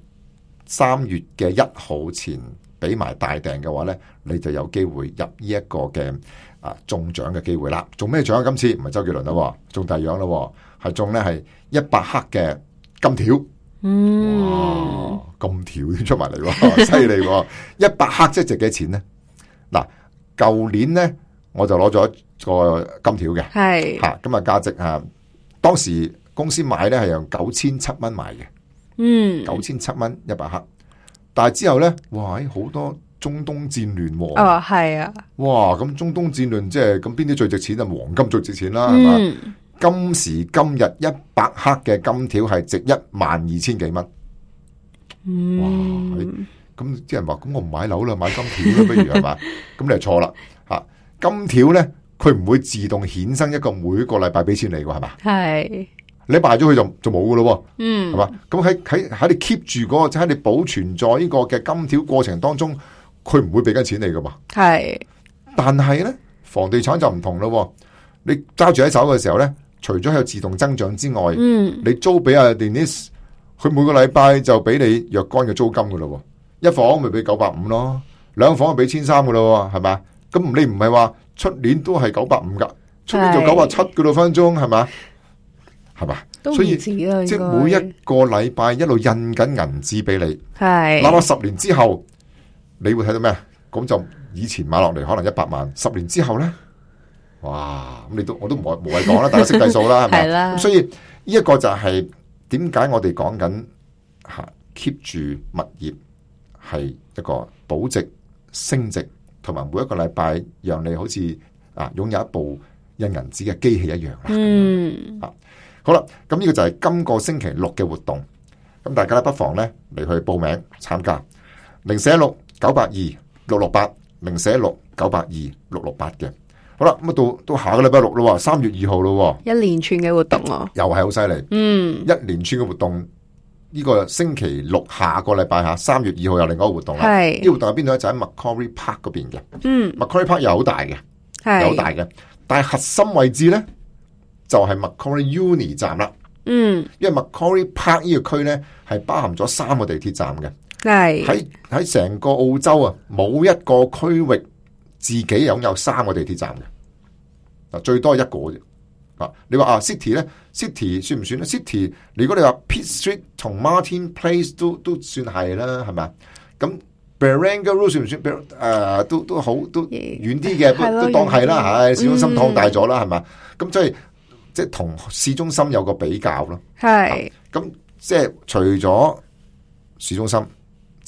三月嘅一號前俾埋大訂嘅話咧，你就有機會入呢一個嘅啊中獎嘅機會啦。中咩獎啊？今次唔係周杰倫咯，中大獎咯。係中咧，係一百克嘅金條，嗯、哇！金條都出埋嚟，犀利喎！一百克即係值幾錢咧？嗱、啊，舊年咧我就攞咗一個金條嘅，係吓咁啊！價值啊，當時公司買咧係用九千七蚊買嘅，嗯，九千七蚊一百克。但係之後咧，哇！好多中東戰亂，哦係啊，哇！咁中東戰亂即係咁邊啲最值錢啊？就是，黃金最值錢啦，係嘛，嗯？今時今日一百克嘅金條係值一萬二千幾蚊，哇！咁啲人話，咁我唔買樓啦，買金條啦，不如係嘛？咁你係錯啦，吓金條咧，佢唔會自動衍生一個每個禮拜俾錢你噶係嘛？係你賣咗佢就就冇噶咯，嗯，係嘛？咁喺喺喺你 keep 住嗰個就係你保存在呢個嘅金條過程當中，佢唔會俾緊錢你噶嘛？係，但係咧，房地產就唔同咯，你揸住喺手嘅時候咧。除咗有自動增長之外，嗯，你租俾阿 Denis，佢每個禮拜就俾你若干嘅租金噶咯，一房咪俾九百五咯，兩房就俾千三噶咯，係咪？咁你唔係話出年都係九百五噶，出是年就九百七噶咯，分鐘係咪？係嘛？都所以即係每一個禮拜一路印緊銀紙俾你，係是。諗我十年之後你會睇到咩？咁就以前買落嚟可能一百萬，十年之後咧？哇！咁你都我都唔冇謂講啦，大家識計數啦，係咪？ [laughs] 是的 咁所以呢一個就係點解我哋講緊吓 keep 住物業係一個保值升值，同埋每一個禮拜讓你好似啊擁有一部印銀紙嘅機器一樣啦。嗯、啊、好啦，咁呢個就係今個星期六嘅活動，咁大家不妨呢，你去報名參加零四一六九八二六六八零四一六九八二六六八嘅。好啦，咁啊到到下個禮拜六咯，三月二號咯，一連串嘅活動咯，又係好犀利，嗯，一連串嘅活動，呢、這個星期六下,下個禮拜下，三月二號有另一個活動啦，係呢是活動喺邊度咧？就喺、是、Macquarie Park 嗰邊嘅，嗯，Macquarie Park 又好大嘅，係好是大嘅，但係核心位置咧就係、是、Macquarie Uni 站啦，嗯，因為 Macquarie Park 個區呢個區咧係包含咗三個地鐵站嘅，係喺喺成個澳洲啊冇一個區域。自己擁有三個地鐵站嘅，嗱，最多一個啫。啊，你話啊，City 咧，City 算唔算咧？City，如果你話 Pitt Street 同 Martin Place 都都算係啦，係咪？咁 Barangaroo 算唔算？比、uh, 都都好都遠啲嘅，都當係啦、啊。唉、嗯，市中心擴大咗啦，係咪？咁即係即係同市中心有個比較咯。係的。咁即係除咗市中心。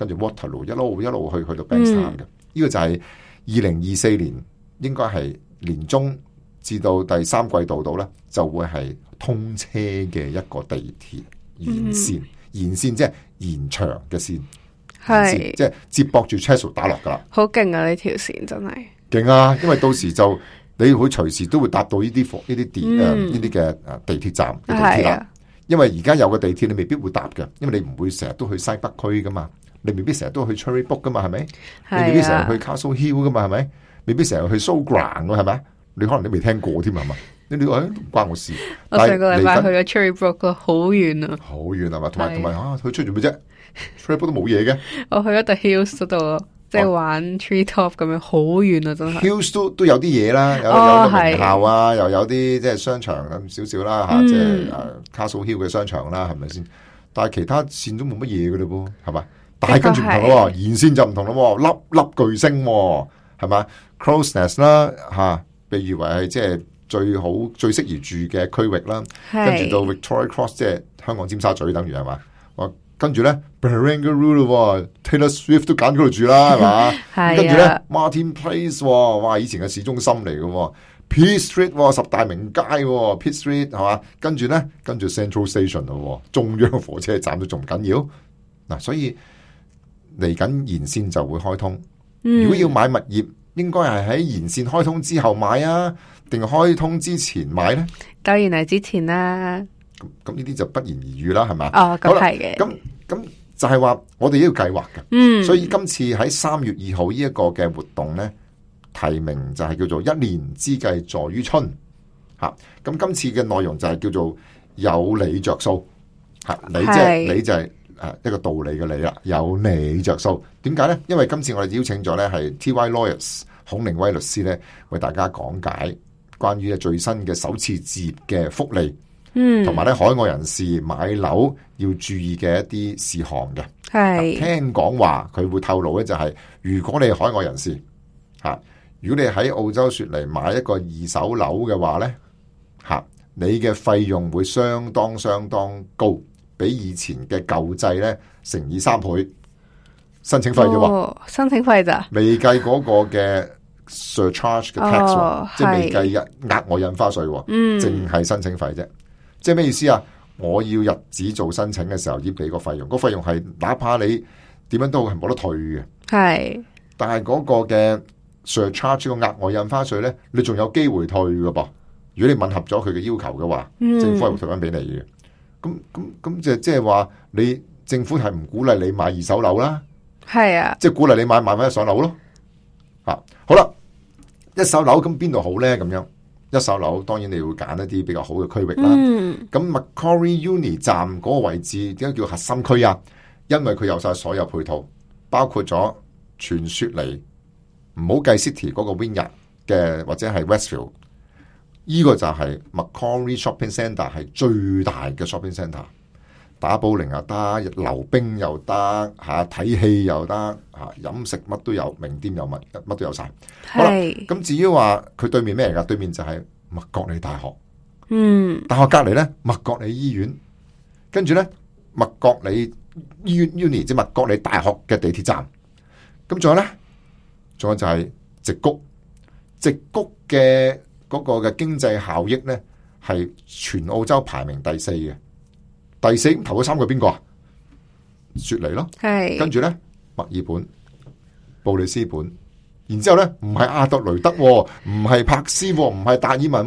跟住 Waterloo 一路一路去去到 Bankstown 嘅，呢個就係二零二四年應該係年中至到第三季度度呢，就會係通車嘅一個地鐵延線，延線即係延長嘅線，係即係接駁住 Chatswood 打落噶啦。好勁啊！呢條線真係勁啊！因為到時就你會隨時都會搭到呢啲呢啲地誒呢啲嘅誒地鐵站嘅地鐵，因為而家有個地鐵你未必會搭嘅，因為你唔會成日都去西北區噶嘛。你未必成日都去 Cherrybrook 噶嘛，係咪？你未必成日去 Castle Hill 噶嘛，係咪？未必成日去 Soul Grand，係咪？你可能都未聽過添，係咪？你呢個唔關我事。我上個禮拜去咗 Cherrybrook 咯，好遠啊！好遠係嘛？同埋同埋啊，去出咗咩啫？Cherrybrook 都冇嘢嘅。我去咗 The Hills 嗰度，即係玩 Tree Top 咁樣，好遠啊，真係。Hills 都都有啲嘢啦，有有名校啊，又有啲即係商場咁少少啦，吓即係啊 Castle Hill 嘅商場啦，係咪先？但係其他線都冇乜嘢噶咯，係嘛？但係跟住唔同咯，沿線就唔同咯，粒粒巨星係、哦、嘛，Crows Nest 啦吓、啊，被譽為係即係最好最適宜住嘅區域啦。是跟住到 Victoria Cross 即係香港尖沙咀等於，等於係嘛。跟住呢 Barangaroo，Taylor、哦、Swift 都揀嗰度住啦，係嘛。 [laughs] 是啊、跟住呢 Martin Place，、哦、哇，以前嘅市中心嚟嘅，Pitt Street，、哦、十大名街，Pitt Street 係嘛。跟住呢，跟住 Central Station 咯、哦，中央火車站都仲唔緊要。嗱、啊，所以。嚟緊沿線就會開通，嗯、如果要買物業，應該係喺沿線開通之後買啊，定開通之前買呢？當然係之前啦。咁呢啲就不言而喻啦，係嘛？哦，咁係嘅。咁咁就係話我哋要計劃嘅。嗯。所以今次喺三月二號呢一個嘅活動呢，提名就係叫做一年之計在於春。吓，咁、啊、今次嘅內容就係叫做有理着數。吓，你即、就、係、是、是你就係、是。誒，一個道理嘅理啦，有你着數。點解呢？因為今次我哋邀請咗咧，係 T.Y.Lawyers 孔令威律師呢，為大家講解關於最新嘅首次置業嘅福利，嗯，同埋咧海外人士買樓要注意嘅一啲事項嘅。係是 聽講話，佢會透露呢就係、是，如果你係海外人士，吓，如果你喺澳洲雪梨買一個二手樓嘅話呢，吓，你嘅費用會相當相當高。比以前嘅舊制咧，乘以三倍，申請費啫喎，申請費咋？未計嗰個嘅 surcharge 嘅 tax，、哦、即係未計一額外印花稅。嗯，淨係申請費啫。即係咩意思啊？我要入紙做申請嘅時候，要俾個費用。個費用係，哪怕你點樣都係冇得退嘅。係是，但係嗰個嘅 surcharge 個額外印花稅咧，你仲有機會退噶噃。如果你吻合咗佢嘅要求嘅話，嗯、政府係會退翻俾你嘅。咁咁咁即係即係話，你政府係唔鼓勵你買二手樓啦？係啊，即係鼓勵你買買一手樓咯。啊，好啦，一手樓咁邊度好咧？咁樣一手樓，當然你會揀一啲比較好嘅區域啦。咁、嗯、Macquarie Uni 站嗰個位置點解叫核心區啊？因為佢有晒所有配套，包括咗傳說嚟唔好計 City 嗰個 winner 嘅或者係 Westfield。呢個就係 McConry Shopping Centre 係最大嘅 shopping centre，打保齡又得，溜冰又得，嚇睇戲又得，嚇飲食乜都有，名店又乜乜都有晒。好啦，咁是至於話佢對面咩嚟噶？對面就係麥國理大學，嗯，大學隔離咧麥國理醫院，跟住咧麥國理醫院 Uni 即麥國理大學嘅地鐵站。咁仲有咧，仲有就係直谷，直谷嘅。嗰個嘅經濟效益咧，係全澳洲排名第四嘅。第四咁頭三個邊個啊？雪梨咯，係是的 跟住咧，墨爾本、布里斯本，然之後咧唔係阿德雷德，唔係珀斯，唔係達爾文，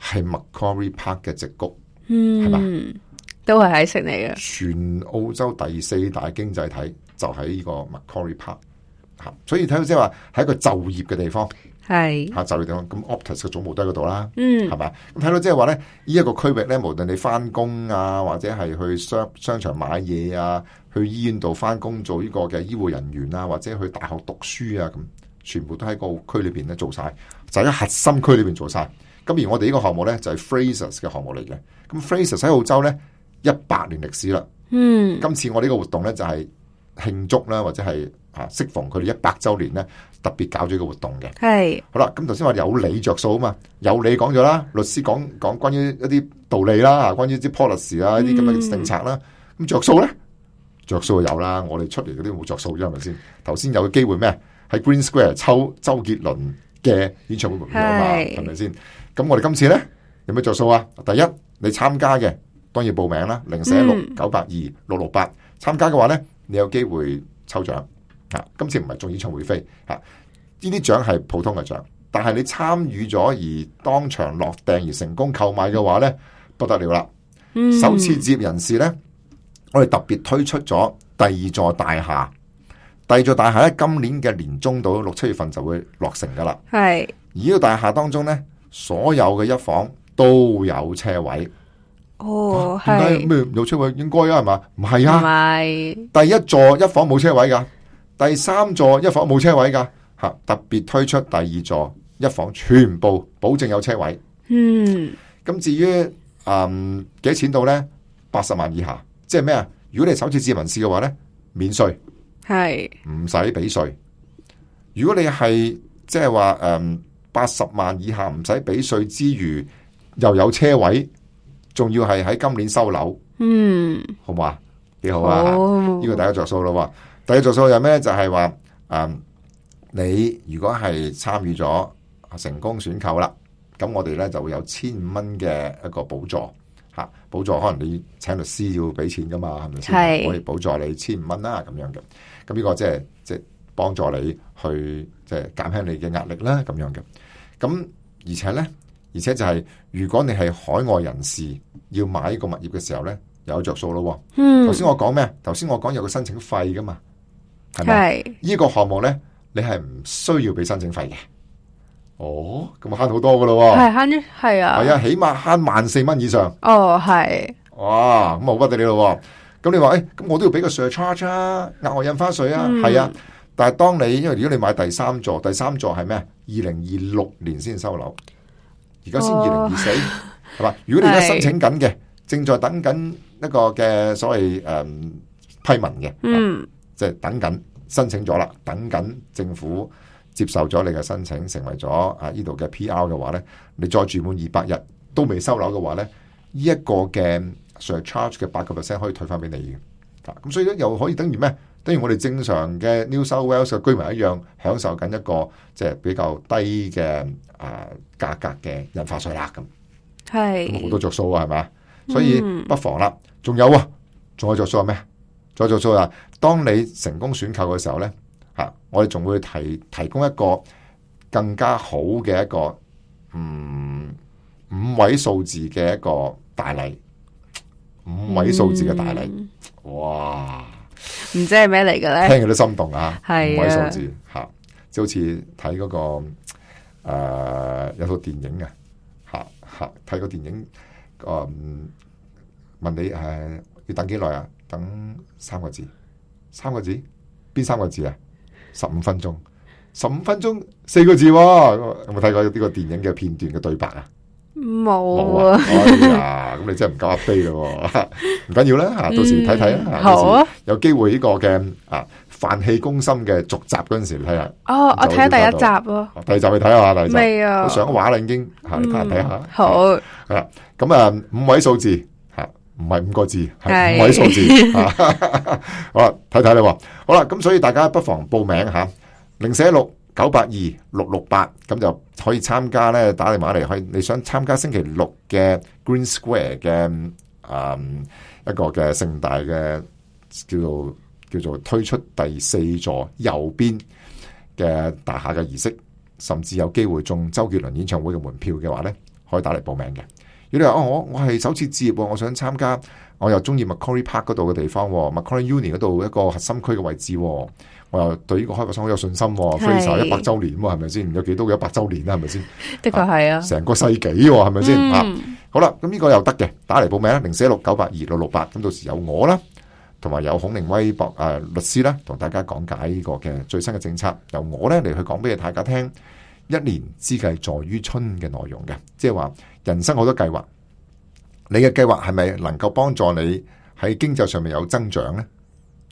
係 Macquarie Park 嘅直谷，嗯，係嘛，都係喺悉尼嘅。全澳洲第四大經濟體就喺呢個 Macquarie Park，吓，所以睇到即係話喺一個就業嘅地方。係，吓就點樣咁 Optus 嘅總部都喺嗰度啦，係嘛、嗯？咁睇到即係話咧，就是、區呢一個區域咧，無論你翻工啊，或者係去商商場買嘢啊，去醫院度翻工做呢個嘅醫護人員啊，或者去大學讀書啊，咁全部都喺個區裏邊咧做晒，就喺核心區裏邊做晒。咁而我哋呢個項、就是、目咧就係 Frasers 嘅項目嚟嘅。咁 Frasers 喺澳洲咧一百年歷史啦。嗯，今次我呢個活動咧就係、是。慶祝啦，或者係啊，適逢佢哋一百周年咧，特別搞咗一個活動嘅。係好啦，咁頭先話有理着數啊嘛，有理講咗啦，律師講講關於一啲道理啦，啊，關於啲 policy 啦，一啲咁嘅政策啦，咁着數咧，着數啊有啦，我哋出嚟嗰啲冇着數，因為先頭先有個機會咩，喺 Green Square 抽周杰倫嘅演唱會門票啊嘛，係咪先？咁我哋今次咧有咩着數啊？第一，你參加嘅，當然報名啦，零四一六九八二六六八，參加嘅話咧。你有機會抽獎，今次唔係中演唱會飛啊！呢啲獎係普通嘅獎，但係你參與咗而當場落訂而成功購買嘅話呢，不得了啦！嗯、首次置業人士呢，我哋特別推出咗第二座大廈。第二座大廈咧，今年嘅年中到六七月份就會落成噶啦。是 而呢個大廈當中呢，所有嘅一房都有車位。哦，點解咩、啊、有車位？應該啊，係嘛？唔係啊，係第一座一房冇車位噶，第三座一房冇車位噶，吓特別推出第二座一房，全部保證有車位。嗯，咁至於誒幾多錢到呢？八十萬以下，即係咩啊？如果你首次自民事嘅話呢，免稅係唔使俾稅。如果你係即係話誒八十萬以下唔使俾稅之餘，又有車位。仲要係喺今年收樓，嗯，好唔好啊？幾好啊！呢好個大家着數咯喎，第一着數有咩就係話，誒、就是嗯，你如果係參與咗成功選購啦，咁我哋咧就會有千五蚊嘅一個補助，吓補助可能你請律師要俾錢噶嘛，係咪先？是我哋補助你千五蚊啦，咁樣嘅，咁呢個即係即係幫助你去即係減輕你嘅壓力啦，咁樣嘅，咁而且咧。而且就係、是、如果你係海外人士要買呢個物業嘅時候呢，有着數咯。頭先、嗯、我講咩？頭先我講有個申請費噶嘛，係咪？呢是個項目呢，你係唔需要俾申請費嘅。哦，咁我慳好多噶咯、哦。係慳啲，係啊。我啊，起碼慳萬四蚊以上。哦，係。哇，咁、哦欸、我不得了。咁你話誒，咁我都要俾個 surcharge 啊，額外印花稅啊，係、嗯、啊。但係當你因為如果你買第三座，第三座係咩？二零二六年先收樓。而家先二零二四，係嘛、oh？如果你而家申請緊嘅，的正在等緊一個嘅所謂誒、呃、批文嘅，嗯、mm. 啊，即、就、係、是、等緊申請咗啦，等緊政府接受咗你嘅申請，成為咗啊呢度嘅 P.R. 嘅話咧，你再住滿二百日都未收樓嘅話咧，呢、這、一個嘅 surcharge 嘅八個 percent 可以退翻俾你嘅，嚇、啊、咁所以咧又可以等於咩？等於我哋正常嘅 New South Wales 嘅居民一樣，享受緊一個即係、就是、比較低嘅。啊，價格嘅印花稅啦，咁係咁好多着數啊，係嘛，所以不妨啦。仲、嗯、有啊，再着數咩？再着數啊，當你成功選購嘅時候咧，吓、啊，我哋仲會提提供一個更加好嘅一個，嗯，五位數字嘅一個大禮，五位數字嘅大禮，嗯、哇！唔知係咩嚟嘅咧？聽佢都心動啊，係、啊、五位數字吓，啊、即好似睇嗰個。誒、啊，有套電影啊吓吓，睇、啊、個電影，誒、嗯，問你係、啊、要等幾耐啊？等三個字，三個字，邊三個字啊？十五分鐘，十五分鐘，四個字、啊，有冇睇過呢個電影嘅片段嘅對白啊？冇啊！ [laughs] 哎咁你真係唔夠阿飛咯，唔緊要啦，吓，到時睇睇啊，嗯、到時 好啊，有機會呢個嘅啊。《飯氣攻心》嘅續集嗰陣時睇下，哦，oh, 看我睇下第一集咯、啊，第二集去睇下，第一集上畫啦已經吓，睇下、嗯、好，啊，咁啊，五位數字吓，唔係五個字，係的五位數字吓、 [laughs] 啊，好啦，睇睇啦，好啦，咁所以大家不妨報名吓，零四一六九八二六六八，咁就可以參加咧，打電話嚟，去你想參加星期六嘅 Green Square 嘅，嗯，一個嘅盛大嘅叫做。叫做推出第四座右邊嘅大廈嘅儀式，甚至有機會中周杰倫演唱會嘅門票嘅話咧，可以打嚟報名嘅。如果你話哦，我我係首次置業，我想參加，我又中意 Macquarie Park 嗰度嘅地方，Macquarie Uni 嗰度一個核心區嘅位置，我又對呢個開發商好有信心。Frasers 一百周年，係咪先？有幾多嘅一百周年啦，係咪先？是的確係啊、嗯、啊，成個世紀，係咪先？好啦，咁呢個又得嘅，打嚟報名啦，零四一六九八二六六八，咁到時有我啦。同埋有孔令威博誒、呃、律師咧，同大家講解呢個嘅最新嘅政策，由我咧嚟去講俾大家聽。一年之計在於春嘅內容嘅，即係話人生好多計劃，你嘅計劃係咪能夠幫助你喺經濟上面有增長呢？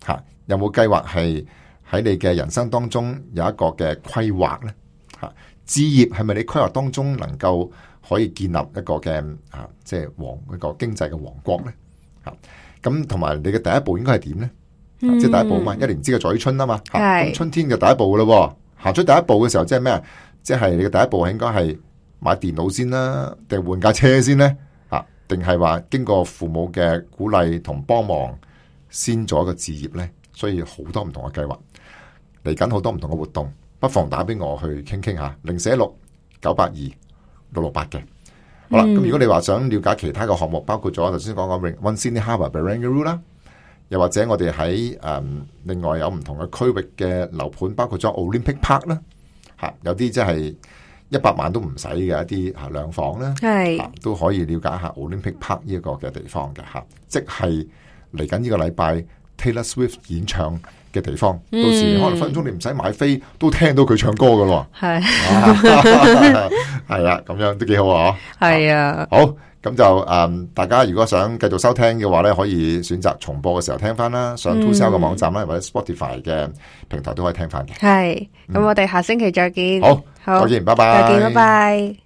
吓、啊，有冇計劃係喺你嘅人生當中有一個嘅規劃呢？吓、啊，置業係咪你規劃當中能夠可以建立一個嘅吓，即、啊、係、就是、王一個經濟嘅王國呢？吓、啊。咁同埋你嘅第一步應該係點呢？啊、即係第一步嘛，嗯、一年之計在於春啊嘛，咁、啊、是春天嘅第一步噶咯。行出第一步嘅時候，即係咩？即係你嘅第一步，應該係買電腦先啦，定係換架車先呢？定係話經過父母嘅鼓勵同幫忙先做一個置業呢？所以好多唔同嘅計劃，嚟緊好多唔同嘅活動，不妨打俾我去傾傾下。零四一六九八二六六八嘅。好啦，咁如果你話想了解其他嘅項目，包括咗頭先講講 One Sydney Harbour Barangaroo 啦，說說 bour, Bar aroo, 又或者我哋喺誒另外有唔同嘅區域嘅樓盤，包括咗 Olympic Park 啦，吓有啲即係一百萬都唔使嘅一啲吓兩房啦，係是都可以了解下 Olympic Park 呢一個嘅地方嘅吓，即係嚟緊呢個禮拜 Taylor Swift 演唱。嘅地方，到時可能分鐘你唔使買飛，都聽到佢唱歌噶咯。係，係啦，咁樣都幾好啊。係的啊，好，咁就誒，um, 大家如果想繼續收聽嘅話咧，可以選擇重播嘅時候聽翻啦，上 2CR 嘅網站啦，或者 Spotify 嘅平台都可以聽翻嘅。係，咁我哋下星期再見。嗯、好，好，再見 bye bye 再見，拜拜，再見，拜拜。